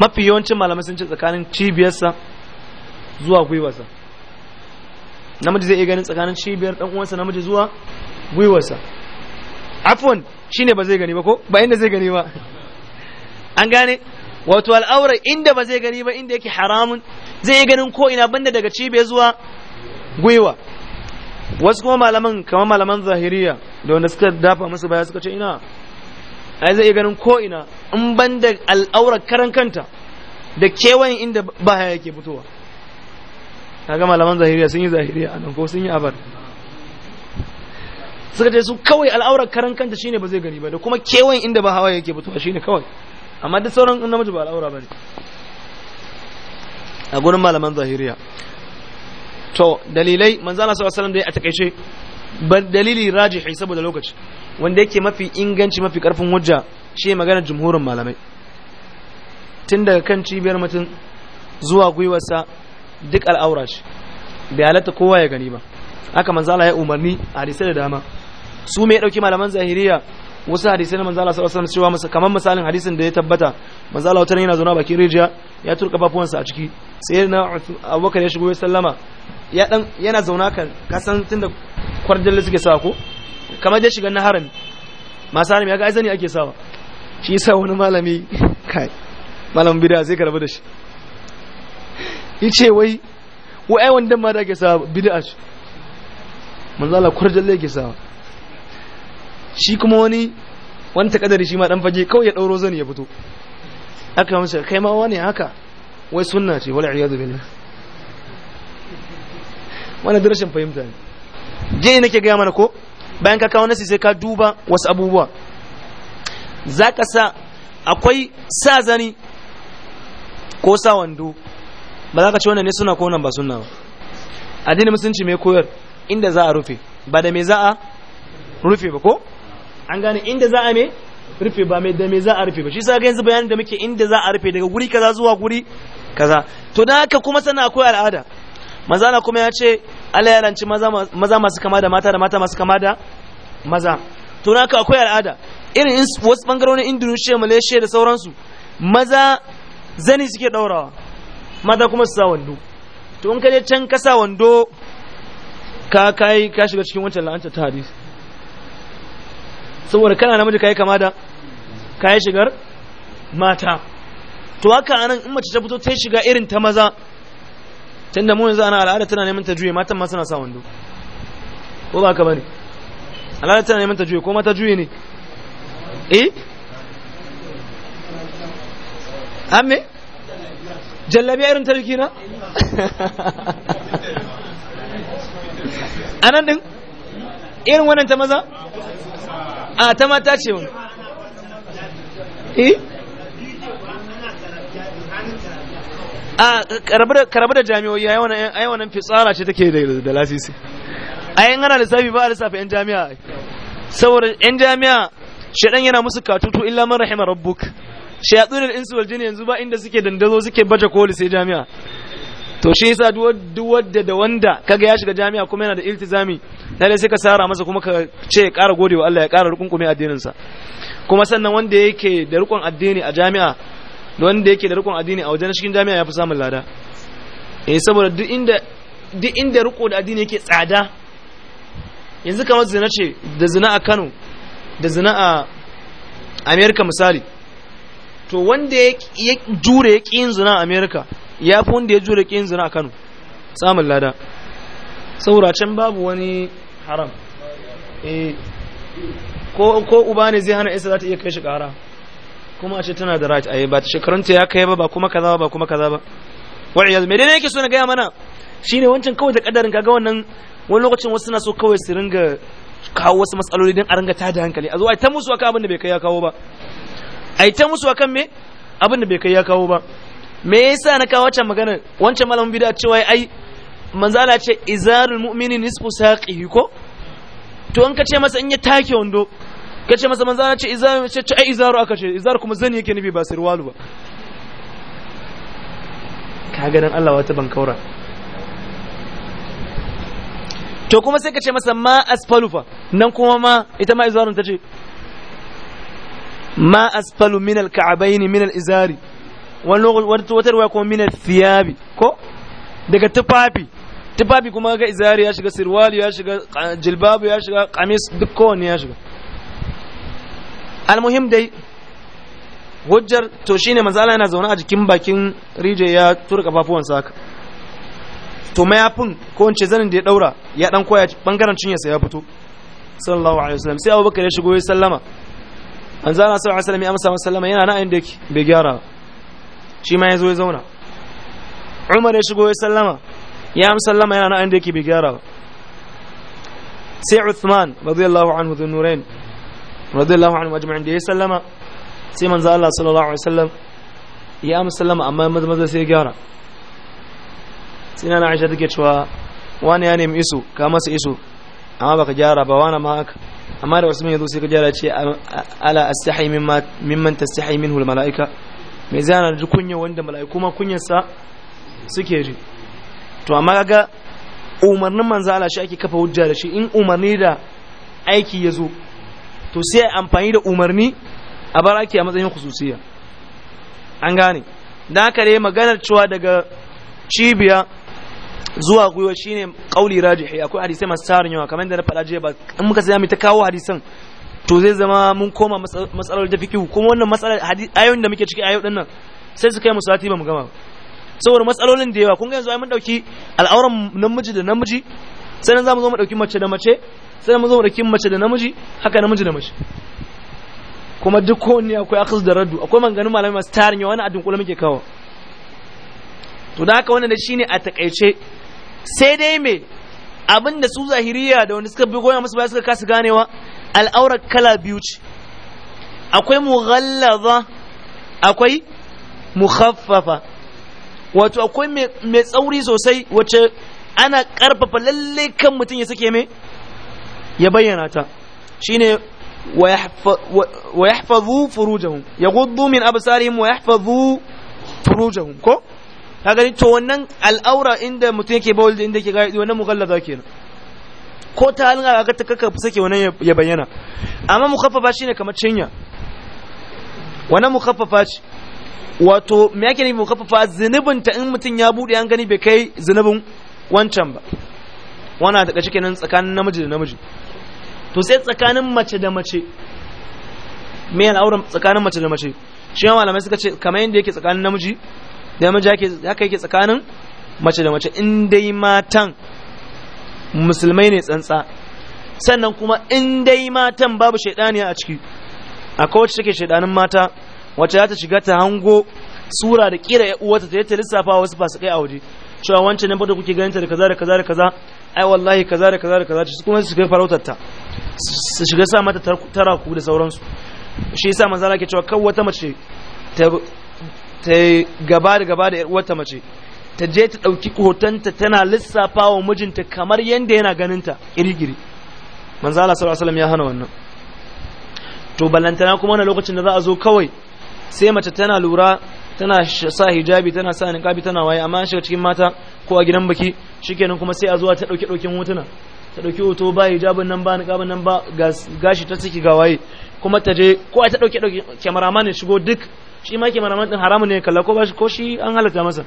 mafi yawancin malamai sun ce tsakanin cibiyarsa zuwa gwiwarsa namiji zai iya ganin tsakanin cibiyar dan uwansa namiji zuwa gwiwarsa afwan shine ba zai gani ba ko ba inda zai gani ba an gane wato al'aura inda ba zai gani ba inda yake haramun zai iya ganin ko ina banda daga cibiyar zuwa gwiwa wasu kuma malaman kamar malaman zahiriya da wanda suka dafa musu baya suka ce ina ai zai iya ganin ko ina in banda al'aurar karan kanta da kewayen inda baya yake fitowa kaga malaman zahiriya sun yi zahiriya a nan ko sun yi abar suka ce su kawai al'aurar karan kanta shine ba zai gani ba da kuma kewayen inda ba hawa yake fitowa shine kawai amma duk sauran in namiji ba al'aura bane a gurin malaman zahiriya to dalilai manzo Allah sallallahu alaihi wasallam dai a takeice dalili rajihi saboda lokaci wanda yake mafi inganci mafi karfin hujja shi magana jumhurin malamai tun daga kan cibiyar mutum zuwa gwiwarsa duk al'aura shi bai halatta kowa ya gani ba haka manzo Allah ya umarni hadisai da dama su me dauki malaman zahiriya wasu hadisai na manzala Allah sallallahu alaihi wasallam cewa kamar misalin hadisin da ya tabbata manzala wata wataran yana zauna bakin rijiya ya turka bafuwansa a ciki sai na Abubakar ya shigo ya sallama ya dan yana zauna kan kasan tunda da suke sa ko kamar dai shiga na harami masu harami ya ga aizani ake sawa shi sa wani malami kai malamin bid'a sai ka rabu da shi yace wai wai ai wanda ma da ke sa bid'a shi manzo Allah kurjalle ke sa shi kuma wani wani takadari shi ma dan fage kawai ya dauro zani ya fito aka yi masa kai ma wani haka wai sunna ce wal iyadu billah wani rashin fahimta ne jini nake gaya mana ko bayan ka kawo nasi sai ka duba wasu abubuwa za ka sa akwai sa zani ko sa wando ba za ka ce wannan ne suna ko ba suna ba addinin musulunci mai koyar inda za a rufe ba da mai za a rufe ba ko an gane inda za a mai rufe ba mai da mai za a rufe ba shi sa gani yanzu bayanin da muke inda za a rufe daga guri kaza zuwa guri kaza to da haka kuma sana akwai al'ada maza na kuma ya ce Allah ya maza masu kama da mata da mata masu kama da maza to na haka akwai al'ada irin wasu bangarorin Indonesia Malaysia da sauransu maza zani suke daurawa maza kuma su sa wando to in ka je can ka sa wando ka kai ka shiga cikin wancan la'anta ta hadisi saboda kana namiji kai kama da kai shigar mata to haka anan in mace ta fito ta shiga irin ta maza tunda mu yanzu ana al'ada tana neman ta juye matan ma suna sa wando ko ba ka bane al'ada tana neman ta juye ko mata juye ne eh amme jallabi irin tarki na a nan ɗin irin wannan ta maza a ta mata ce wani eh? a karabu da jami'o'i a yawanan fitsara ce take da lasisi a yin ana lissafi ba a lissafi 'yan jami'a saboda 'yan jami'a shaɗan yana musu katutu illa mara rahimar rabbuk shayatsunil insu wal jini yanzu ba inda suke dandazo suke baje koli sai jami'a to shi yasa duk wadda da wanda kaga ya shiga jami'a kuma yana da iltizami lalle sai ka sara masa kuma ka ce ya gode godewa Allah ya ƙara rukunkume addinin sa kuma sannan wanda yake da rukun addini a jami'a da wanda yake da rukun addini a wajen cikin jami'a ya fi samun lada eh saboda duk inda duk inda riko da addini yake tsada yanzu kamar zina ce da zina a Kano da zina a America misali to wanda ya jure ya ƙin zina a america ya fi wanda ya jure ƙin zina a kano samun lada saboda can babu wani haram eh, ko uba ne zai hana isa za ta iya kai shi ƙara kuma a ce tana da right a ba ta shekarunta ya kai ba ba kuma kaza ba kuma kaza ba wani me dai yake so na gaya mana shine wancan kawai da kadarin kaga wannan wani lokacin wasu suna so kawai su ringa kawo wasu matsaloli don a ringa tada hankali a zuwa ta musu aka abin da bai kai ya kawo ba ai ta musu akan me abin da bai kai ya kawo ba me yasa na kawo wancan magana wancan malamin bid'a cewa ai manzala ce izarul mu'mini nisfu saqihi ko to an kace masa in ya take wando kace masa manzala ce izaru ce ai izaru aka ce izar kuma zani yake nufi ba sirwalu ba ga dan Allah wata bankaura to kuma sai kace masa ma asfalufa nan kuma ma ita ma izarun ce. ما asfalu من الكعبين من alizari wani lokaci wata ruwa kuma min thiyabi ko daga tufafi tufafi kuma ga izari ya shiga sirwali ya shiga jilbabu ya shiga kamis duk ya shiga hujjar to shi ne manzala yana zaune a jikin bakin rije ya tura kafafuwansa haka to mayafin ko in ce zanin da ya daura ya dan koya bangaren cinyarsa ya fito sallallahu alaihi wasallam sai Abubakar ya shigo ya sallama an zana sallallahu alaihi wasallam ya amsa masa sallama yana na inda yake bai gyara shi ma yazo ya zauna Umar ya shigo ya sallama ya amsa sallama yana na inda yake bai gyara sai Uthman radiyallahu anhu dhun nurain radiyallahu anhu majma'in da ya sallama sai manzo Allah sallallahu alaihi wasallam ya amsa sallama amma maza maza sai ya gyara sai na Aisha take cewa wani ya nemi isu ka masa isu amma baka gyara ba wani ma haka amma da wasu yanzu sai ka jara ce ala astahi mimman tastahi minhu al malaika me zai ji kunya wanda mala'iku ma kunyarsa suke ji to amma ga umarnin manzo Allah shi ake kafa hujja da shi in umarni da aiki yazo to sai amfani da umarni a bar a matsayin khususiya an gane dan haka dai maganar cewa daga cibiya zuwa gwiwa shine kauli rajihi akwai hadisai masu tarin yawa kamar da na faɗa jiya ba in muka sai mu ta kawo hadisan to zai zama mun koma matsalar da fikihu kuma wannan matsalar ayoyin da muke ciki ayoyin nan sai su kai mu sati ba mu gama saboda matsalolin da yawa kun ga yanzu ai mun dauki al'auran namiji da namiji sai nan zamu zo mu dauki mace da mace sai mu zo mu dauki mace da namiji haka namiji da mace kuma duk ne akwai akhs da raddu akwai manganu malamai masu tarin yawa wani a kula muke kawo to da haka wannan shine a takaice sai dai me abin da su zahiriya da wanda suka bi goya musu baya suka kasa ganewa al'aura kala biyu ce akwai mughallaza akwai mukhaffafa wato akwai mai tsauri sosai wacce ana karfafa lalle kan mutum ya suke me ya bayyana ta shine wa yahfazu furujahum yaghuddu min absarihim wa yahfazu furujahum ko ka gani to wannan al'aura inda mutum yake bawul inda yake gaidi wannan mughallaza kenan ko ta halin ga ta kaka sake wannan ya bayyana amma mukaffafa shine kamar cinya wannan mukaffafa ce wato me yake ne mukaffafa zunubin ta in mutum ya bude an gani bai kai zunubin wancan ba wannan daga cikin nan tsakanin namiji da namiji to sai tsakanin mace da mace me al'aura tsakanin mace da mace shi malamai suka ce kamar yadda yake tsakanin namiji da jake haka yake tsakanin mace da mace in dai matan musulmai ne tsantsa sannan kuma in dai matan babu shaidaniya a ciki akwai wacce take shaidanin mata wacce za ta shiga ta hango sura da kira ya uwata ta ta lissafa wasu kai a waje cewa wancan nan fata kuke ganin ta da kaza da kaza da kaza ai wallahi kaza da kaza da kaza su kuma su shiga farautar ta su shiga sa mata tara ku da sauransu shi yasa manzo Allah ke cewa kawai wata mace ta ta gaba da gaba da yar uwarta mace ta je ta ɗauki hotonta tana lissafa wa mijinta kamar yadda yana ganinta ta iri manzo Allah sallallahu alaihi ya hana wannan to balantana kuma na lokacin da za a zo kawai sai mace tana lura tana sa hijabi tana sa niqabi tana waye amma an shiga cikin mata ko a gidan baki shikenan kuma sai a zuwa ta dauki daukin hotuna ta dauki hoto ba hijabin nan ba niqabin nan ba gashi ta ciki ga waye kuma ta je ko ta dauki dauki cameraman ya shigo duk shi ma cameraman din haramun ne kalla ko bashi ko shi an halatta masa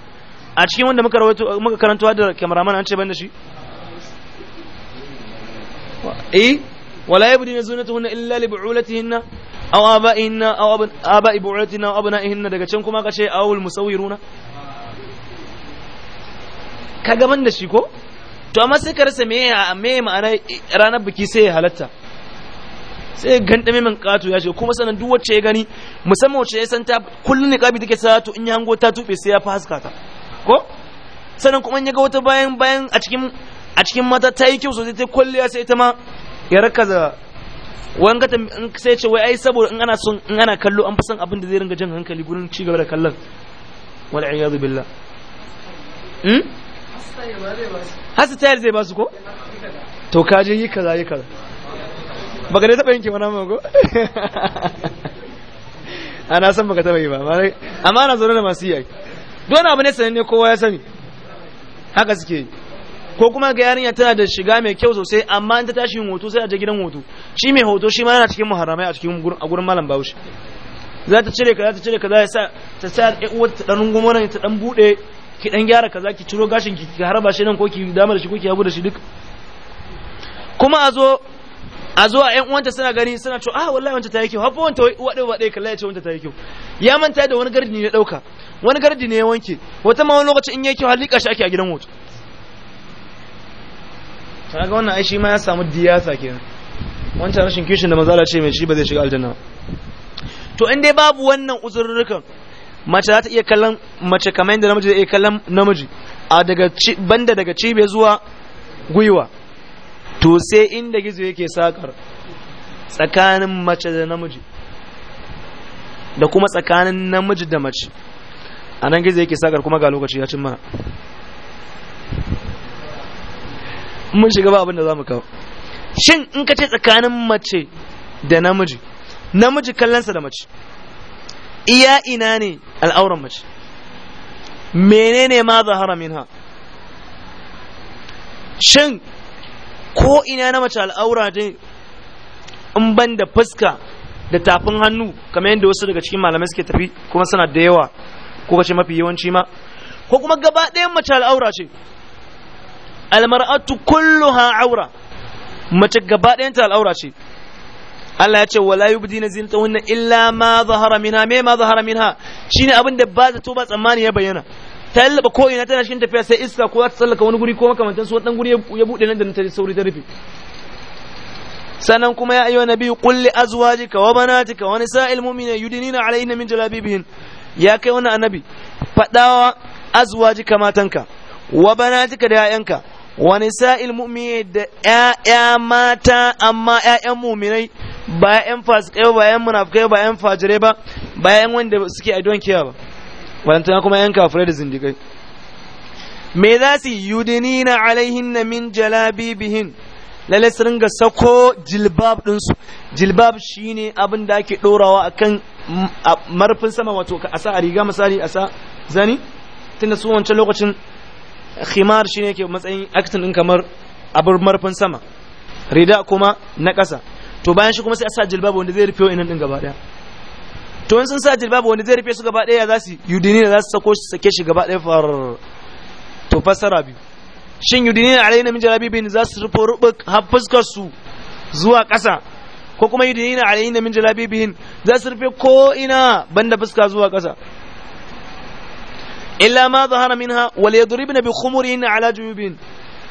a cikin wanda muka rawaito muka karanto da cameraman an ce banda da shi eh wala yabdina nazunatuhunna illa li bu'ulatihinna aw aba'ihinna aw aba'i bu'ulatina aw abna'ihinna daga can kuma ka ce awul musawiruna ka gaban da shi ko to amma sai ka rasa me me ma'ana ranar biki sai ya halatta sai gan dame min kato ya shiga kuma sanan duk wacce ya gani musamman wacce ya san ta kullun ne kabi take sa to in ya hango ta tufe sai ya fa haska ta ko sanan kuma in ya ga wata bayan bayan a cikin a cikin mata ta yi kyau sosai ta ya sai ta ma ya rakaza wani ka sai ce wai ai saboda in ana son in ana kallo an fi son abin da zai ringa jan hankali gurin ci gaba da kallon wal iyadu billah hmm hasa tayar zai ba su ko to kaje yi kaza yi kaza baka dai taɓa yanke wani mago ana san baka taɓa yi ba amma ana zaune da masu yi dole abu ne sanin ne kowa ya sani haka suke yi ko kuma ga yarinya tana da shiga mai kyau sosai amma in ta tashi yin hoto sai a je gidan hoto shi mai hoto shi ma yana cikin muharramai a cikin a gurin malam bahaushe za ta cire ka za ta cire ka za ya sa ta sa ya uwar ta dan rungumo ta dan bude ki dan gyara ka za ki ciro gashin ki ki harba shi nan ko ki dama da shi ko ki hagu da shi duk kuma a zo a zuwa ƴan uwanta suna gani suna cewa ah wallahi wanta ta yi kyau hafa wanta uwa ɗaya kalla ya ce wanta ta yi kyau ya manta da wani gardi ne ɗauka wani gardi ne ya wanke wata ma wani lokaci in yi kyau har liƙa shi ake a gidan hoto ta ga wannan ai shi ma ya samu diyasa kenan wancan rashin kishin da mazala ce mai shi ba zai shiga aljanna to in dai babu wannan uzurrukan mace za ta iya kallon mace kamar yadda namiji zai iya kallon namiji a daga banda daga cibiyar zuwa gwiwa to sai inda gizo yake sakar tsakanin mace da namiji da kuma tsakanin namiji da mace a nan gizo yake sakar kuma ga lokaci ya cimma mun shiga ba abin da za mu kawo shin in ka ce tsakanin mace da namiji namiji kallonsa da mace iya ina ne al'auran mace menene ma zahara ha shin ko ina na mace al'aura din in ban da fuska da tafin hannu kamar yadda wasu daga cikin malamai suke tafi kuma suna da yawa ko kace mafi yawanci ma ko kuma gaba ɗayan mace al'aura ce almar'atu kulluha aura mace gaba ɗayan ta al'aura ce Allah ya ce wala yubdina zinatahunna illa ma zahara minha me ma zahara minha shine abin da ba zato ba tsammani ya bayyana ta ko ina tana cikin tafiya sai iska ko za ta tsallaka wani guri ko makamantan su wadannan guri ya bude nan da ta sauri ta rufe sannan kuma ya ayyuha nabi qul li azwajika wa banatika wa nisa'il mu'minina yudinina alayhinna min jalabibihin ya kai wani annabi fadawa azwajika matanka wa banatika da 'ya'yanka wa nisa'il mu'minina da 'ya'ya mata amma 'ya'yan mu'minai ba 'ya'yan fasikai ba 'ya'yan munafikai ba 'ya'yan fajire ba ba yayan wanda suke addu'an kiyawa ba walantana kuma yan kafirai da zindigai me za su yi yudinina alaihinna min bihin lalle su ringa sako jilbab ɗinsu jilbab shine abin da ake ɗorawa akan marfin sama wato a asa a riga misali a sa zani tunda su wancan lokacin khimar shine yake matsayin aktin ɗin kamar abin marfin sama rida kuma na ƙasa to bayan shi kuma sai a sa jilbab wanda zai rufe wa inan ɗin gaba ɗaya to sun sa jilbabu wani zai rufe su gaba ɗaya za su yudini za su sako shi sake shi gaba ɗaya far to fassara biyu shin yudini na alaina min jalabi bin za su rufe rubuk har su zuwa ƙasa ko kuma yudini na alaina min jalabi bin za su rufe ko ina banda fuska zuwa ƙasa illa ma zahara minha wal yadribna bi khumurihin ala juyubin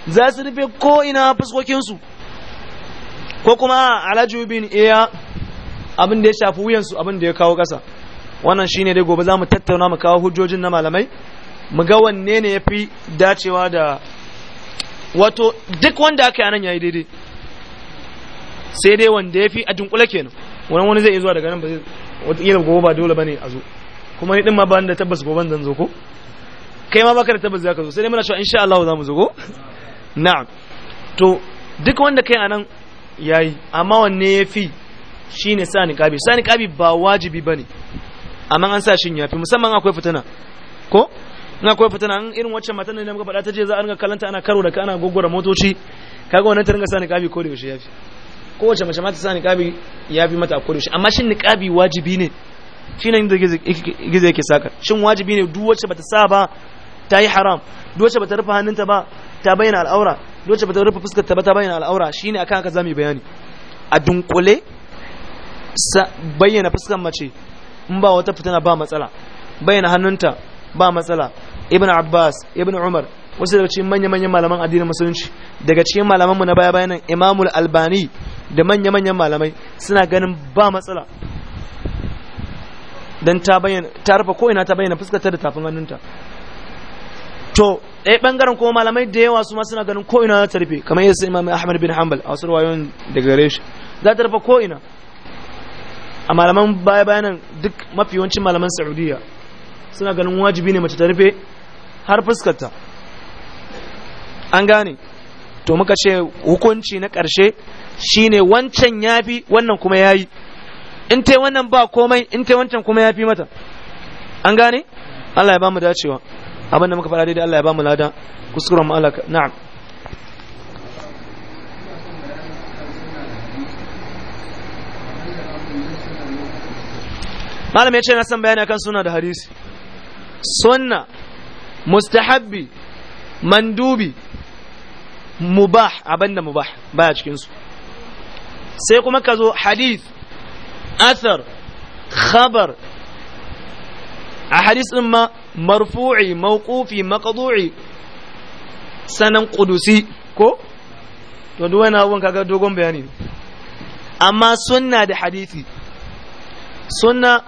za su rufe ko ina fuskokin su ko kuma ala juyubin iya abin da ya shafi wuyansu abin da ya kawo ƙasa wannan shine dai gobe za mu tattauna mu kawo hujjojin na malamai mu ga wanne ne ya fi dacewa da wato duk wanda aka yi anan yayi daidai sai dai wanda ya fi a dunkule kenan wani wani zai zuwa daga nan ba zai wataƙila gobe ba dole ba ne a zo kuma ni din ma ba da tabbas gobe zan zo ko kai ma baka da tabbas zaka zo sai dai muna cewa insha Allah za mu zo ko na'am to duk wanda kai anan yayi amma wanne ya fi shine sa niqabi sa niqabi ba wajibi bane amma an sa shin yafi musamman akwai fitina ko in akwai fitina an irin wacce matan da muka faɗa ta je za a ringa kallanta ana karo da ka ana gogora motoci kaga wannan ta ringa sa niqabi ko da yaushe yafi kowace mace ma ta sa niqabi yafi mata ko da yaushe amma shin niqabi wajibi ne shine inda gizo yake saka shin wajibi ne duk wacce bata sa ba ta yi haram duk wacce bata rufe hannunta ba ta bayyana al'aura duk wacce bata rufe fuskar ta ba ta bayyana al'aura shine akan aka zamu bayani a dunkule bayyana fuskar mace in ba wata fitina ba matsala bayyana hannunta ba matsala ibn abbas ibn umar wasu daga cikin manya-manyan malaman addinin musulunci daga cikin malamanmu na baya bayanan imamul albani da manya-manyan malamai suna ganin ba matsala don ta bayyana ta rufe ko'ina ta bayyana ta da tafin hannunta to ɗaya ɓangaren kuma malamai da yawa su ma suna ganin ko'ina za ta rufe kamar yadda imam ahmad bin hanbal a wasu ruwayoyin daga gare shi za ta rufe ko'ina a malaman baya bayanan duk mafi yawancin malaman saudiya suna ganin wajibi ne mace ta rufe har fuskarta an gane to muka ce hukunci na ƙarshe shine wancan ya fi wannan kuma ya yi in ta wannan ba komai in ta wancan kuma ya fi mata an gane Allah ya ba mu dacewa abinda muka faɗa daidai Allah ya ba mu lada kuskuren mu Allah na'am malam ya ce na san bayani akan suna da hadisi sunna mustahabbi mandubi mubah abinda mubah baya cikin su sai kuma ka zo hadith athar khabar a hadis din ma marfu'i mawqufi maqdu'i sanan qudusi ko to duk wani abun kaga dogon bayani amma sunna da hadisi sunna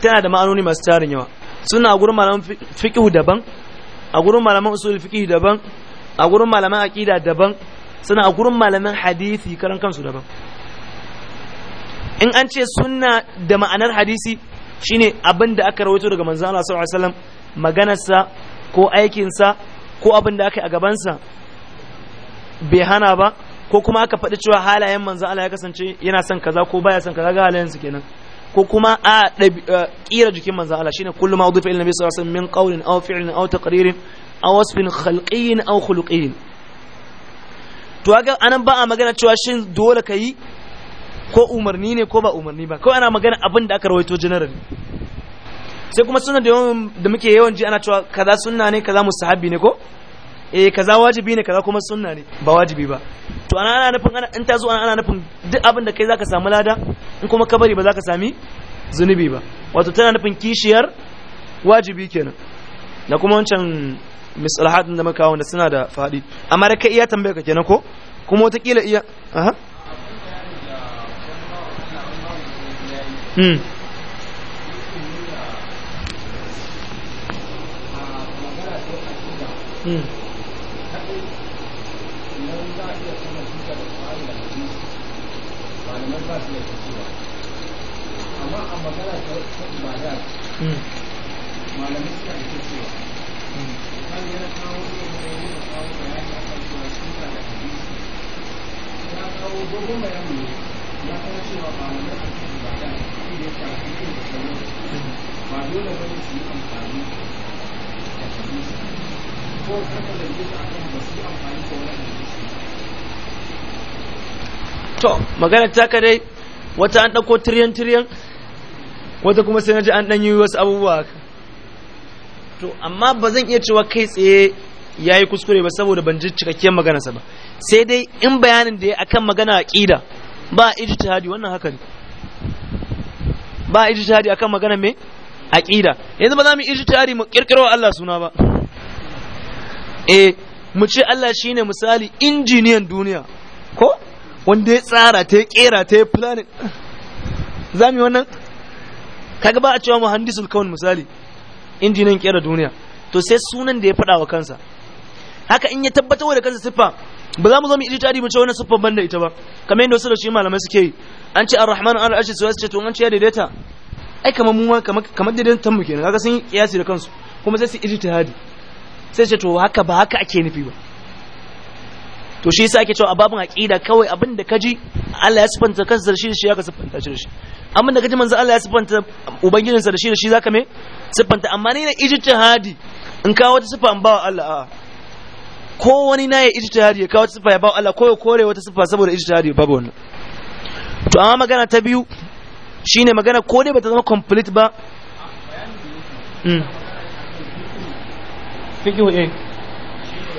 tana da ma'anoni masu tarin yawa suna a gurin malaman fiƙihu daban a gurin malaman usul fiƙihu daban a gurin malaman aƙida daban suna a gurin malaman hadisi karan kansu daban in an ce suna da ma'anar hadisi shine abin da aka rawaito daga manzan Allah sallallahu alaihi wasallam maganarsa ko aikinsa ko abin da aka yi a gabansa bai hana ba ko kuma aka faɗi cewa halayen manzan Allah ya kasance yana son kaza ko baya son kaza ga halayensu kenan ko kuma a ƙira jikin manzan Allah shine kullum ma udifa ila nabi sallallahu alaihi wasallam min qawlin au fi'lin aw taqririn aw wasfin halƙiyin aw khuluqiyyin to ga anan ba a magana cewa shin dole ka yi ko umarni ne ko ba umarni ba kawai ana magana abin da aka rawaito generally sai kuma sunan da muke yawan ji ana cewa kaza suna ne kaza sahabi ne ko eh kaza wajibi ne kaza kuma sunna ne ba wajibi ba to ana ana nufin in ta zo ana ana nufin duk abin da kai zaka samu lada in kuma ka bari ba zaka sami zunubi ba wato tana nufin kishiyar wajibi kenan da kuma wancan misalahatin da muka wanda suna da fadi amma da kai iya tambaya ka kenan ko kuma kila iya aha hmm hmm amma a magana ta ibada malamai suna da cewa kan yana kawo ne da kawo bayani a kan cewa sun da hadisi ya kawo dogon bayani ne ya kawo cewa malamai a kan ibada shi da ta shafi da sauran ba dole bane su yi amfani da hadisi ko kan da ta to magana ta ka dai wata an ɗauko tiriyan tiriyan wata kuma sai na ji an ɗan yi wasu abubuwa to amma ba zan iya cewa kai tsaye ya yi kuskure ba saboda ban ji cikakkiyar maganarsa ba sai dai in bayanin da ya akan magana ƙida, ba ijtihadi wannan haka ne ba ijtihadi akan magana me ƙida. yanzu ba za mu ijtihadi mu kirkiro Allah suna ba eh mu ce Allah shine misali injiniyan duniya wanda ya tsara ta ya kera ta ya planning za mu yi wannan kaga ba a cewa muhandisul kawun misali injinin kera duniya to sai sunan da ya faɗa wa kansa haka in ya tabbatar da kansa siffa ba za mu zo mu iri tari mu ce wannan siffar banda ita ba kamar yadda wasu da shi malamai suke yi an ce ar-rahman al-arshi su ce to an ce ya daidaita ai kamar mu kamar kamar daidaitan mu kenan kaga sun yi kiyasi da kansu kuma sai su iri tari sai ce to haka ba haka ake nufi ba to shi yasa ake cewa babun aqida kawai abin da kaji Allah ya sifanta kansa da shi shi ka sifanta shi da shi amma da kaji manzo Allah ya sifanta ubangijin sa da shi da shi zaka me sifanta amma ni na ijtihadi in kawo wata sifa an ba Allah a ko wani na ya ijtihadi ya kawo wata sifa ya ba Allah ko ya kore wata sifa saboda ijtihadi babu wannan to amma magana ta biyu shine magana ko dai bata zama complete ba mm. Fikihu eh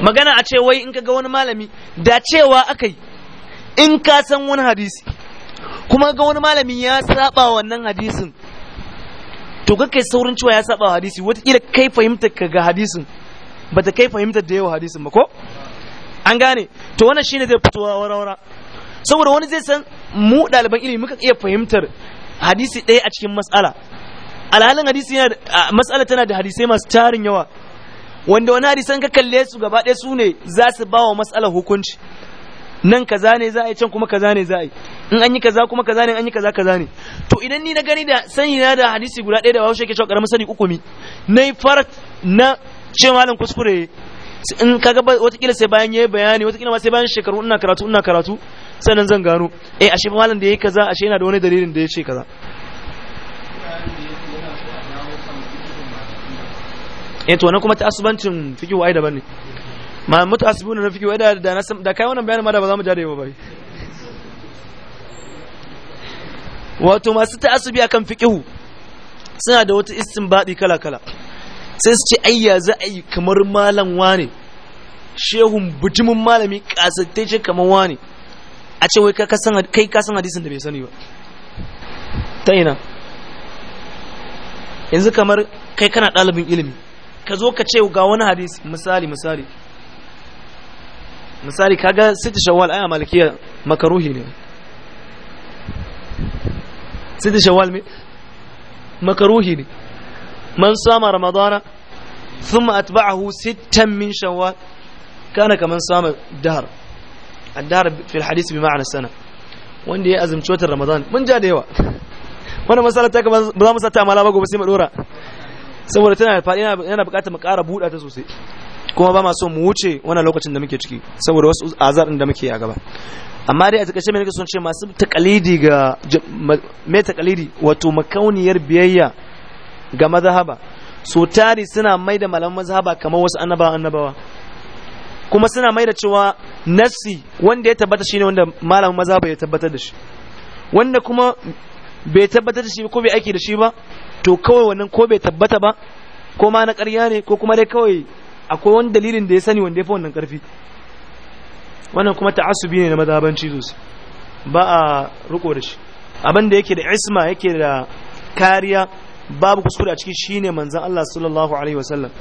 magana a ce wai in ka ga wani malami da cewa aka yi in ka san wani hadisi kuma ga wani malami ya saba wannan hadisin to ga kai saurin cewa ya saba hadisi watakila kai fahimtar ka ga hadisin ba ta kai fahimtar da yawa hadisin ba ko an gane to wannan shine zai fitowa wara-wara saboda wani zai san mu ɗaliban ilimi muka iya fahimtar hadisi ɗaya a cikin matsala alhalin hadisi yana mas'ala tana da hadisai masu tarin yawa wanda wani hadisan ka kalle su gaba ɗaya su ne za su ba wa matsalar hukunci nan kaza ne za a yi can kuma kaza ne za a yi in an yi kaza kuma kaza ne an yi kaza kaza ne to idan ni na gani da sani na da hadisi guda ɗaya da bahaushe ke cewa karamin sani ukumi na yi fara na ce malam kuskure in ga watakila sai bayan yayi bayani watakila ma sai bayan shekaru ina karatu ina karatu sannan zan gano eh ashe malam da yayi kaza ashe yana da wani dalilin da ya ce kaza eh to wannan kuma ta asubancin fiqh wai daban ne ma mutu asibun na fiqh wai da da da kai wannan bayanin ma da ba za mu jarewa ba wato masu ta'assubi akan fiqh suna da wata istinbadi kala kala sai su ce ayya za a yi kamar malam wane shehun bujimin malami kasatai ce kamar wane a ce wai kai ka san hadisin da bai sani ba ta ina yanzu kamar kai kana ɗalibin ilimi ka zo ka ce ga wani hadis misali misali misali kaga sita shawwal aya malikiya makaruhi ne sita shawwal makaruhi ne man sama ramadana thumma atba'ahu sittan min shawwal kana kaman sama dahar الدهر في bi بمعنى sana wanda ya azumci watan ramadan mun ja da yawa wannan masala ta ba za mu sata mala ba gobe sai mu dora saboda tana da faɗi yana buƙatar mu ƙara buɗa ta sosai kuma ba ma so mu wuce wannan lokacin da muke ciki saboda wasu azar da muke a gaba amma dai a takaice mai nake ce masu takalidi ga me takalidi wato makauniyar biyayya ga mazhaba so tari suna mai da malaman mazhaba kamar wasu annabawa annabawa kuma suna mai da cewa nassi wanda ya tabbata shine wanda malamin mazhaba ya tabbatar da shi wanda kuma bai tabbatar da shi ko bai aiki da shi ba to kawai wannan ko bai tabbata ba ko ma na ƙarya ne ko kuma dai kawai akwai wani dalilin da ya sani wanda ya fi wannan ƙarfi wannan kuma ta'assubi ne na mazhabanci sosai ba a riko da shi abin da yake da isma yake da kariya babu kuskure a ciki shine manzon Allah sallallahu alaihi wasallam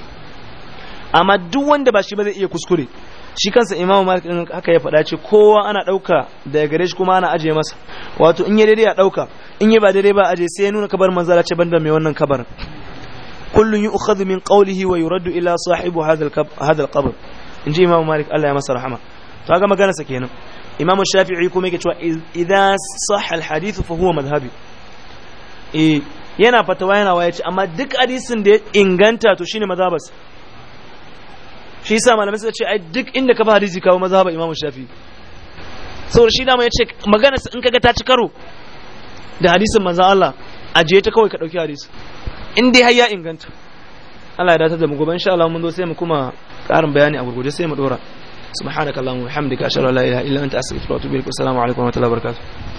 amma duk wanda ba shi ba zai iya kuskure shi kansa imamu malik din haka ya faɗa ce kowa ana ɗauka daga gare shi kuma ana aje masa wato in ya daidai a ɗauka in ya ba daidai ba aje sai ya nuna manzo Allah ce banda mai wannan kabar kullun yu'khadhu min qawlihi wa yuraddu ila sahibu hadha al-qabr in ji imamu malik Allah ya masa rahama to ga magana sa kenan imamu shafi'i kuma yake cewa idza sahha al-hadith fa huwa madhhabi eh yana fatawa yana waye ce amma duk hadisin da ya inganta to shine mazhabas shi yasa malamai suka ce ai duk inda ka ba hadisi kawo mazhaban imamu shafi saboda shi dama yace magana in kaga ta ci karo da hadisin manzo Allah aje ta kawai ka dauki hadisi in dai har ya inganta Allah ya dace da mu gobe insha Allah mun zo sai mu kuma karin bayani a gurguje sai mu dora subhanakallahumma wa bihamdika ashhadu an la ilaha illa anta astaghfiruka wa atubu ilaik assalamu alaikum wa rahmatullahi wa barakatuh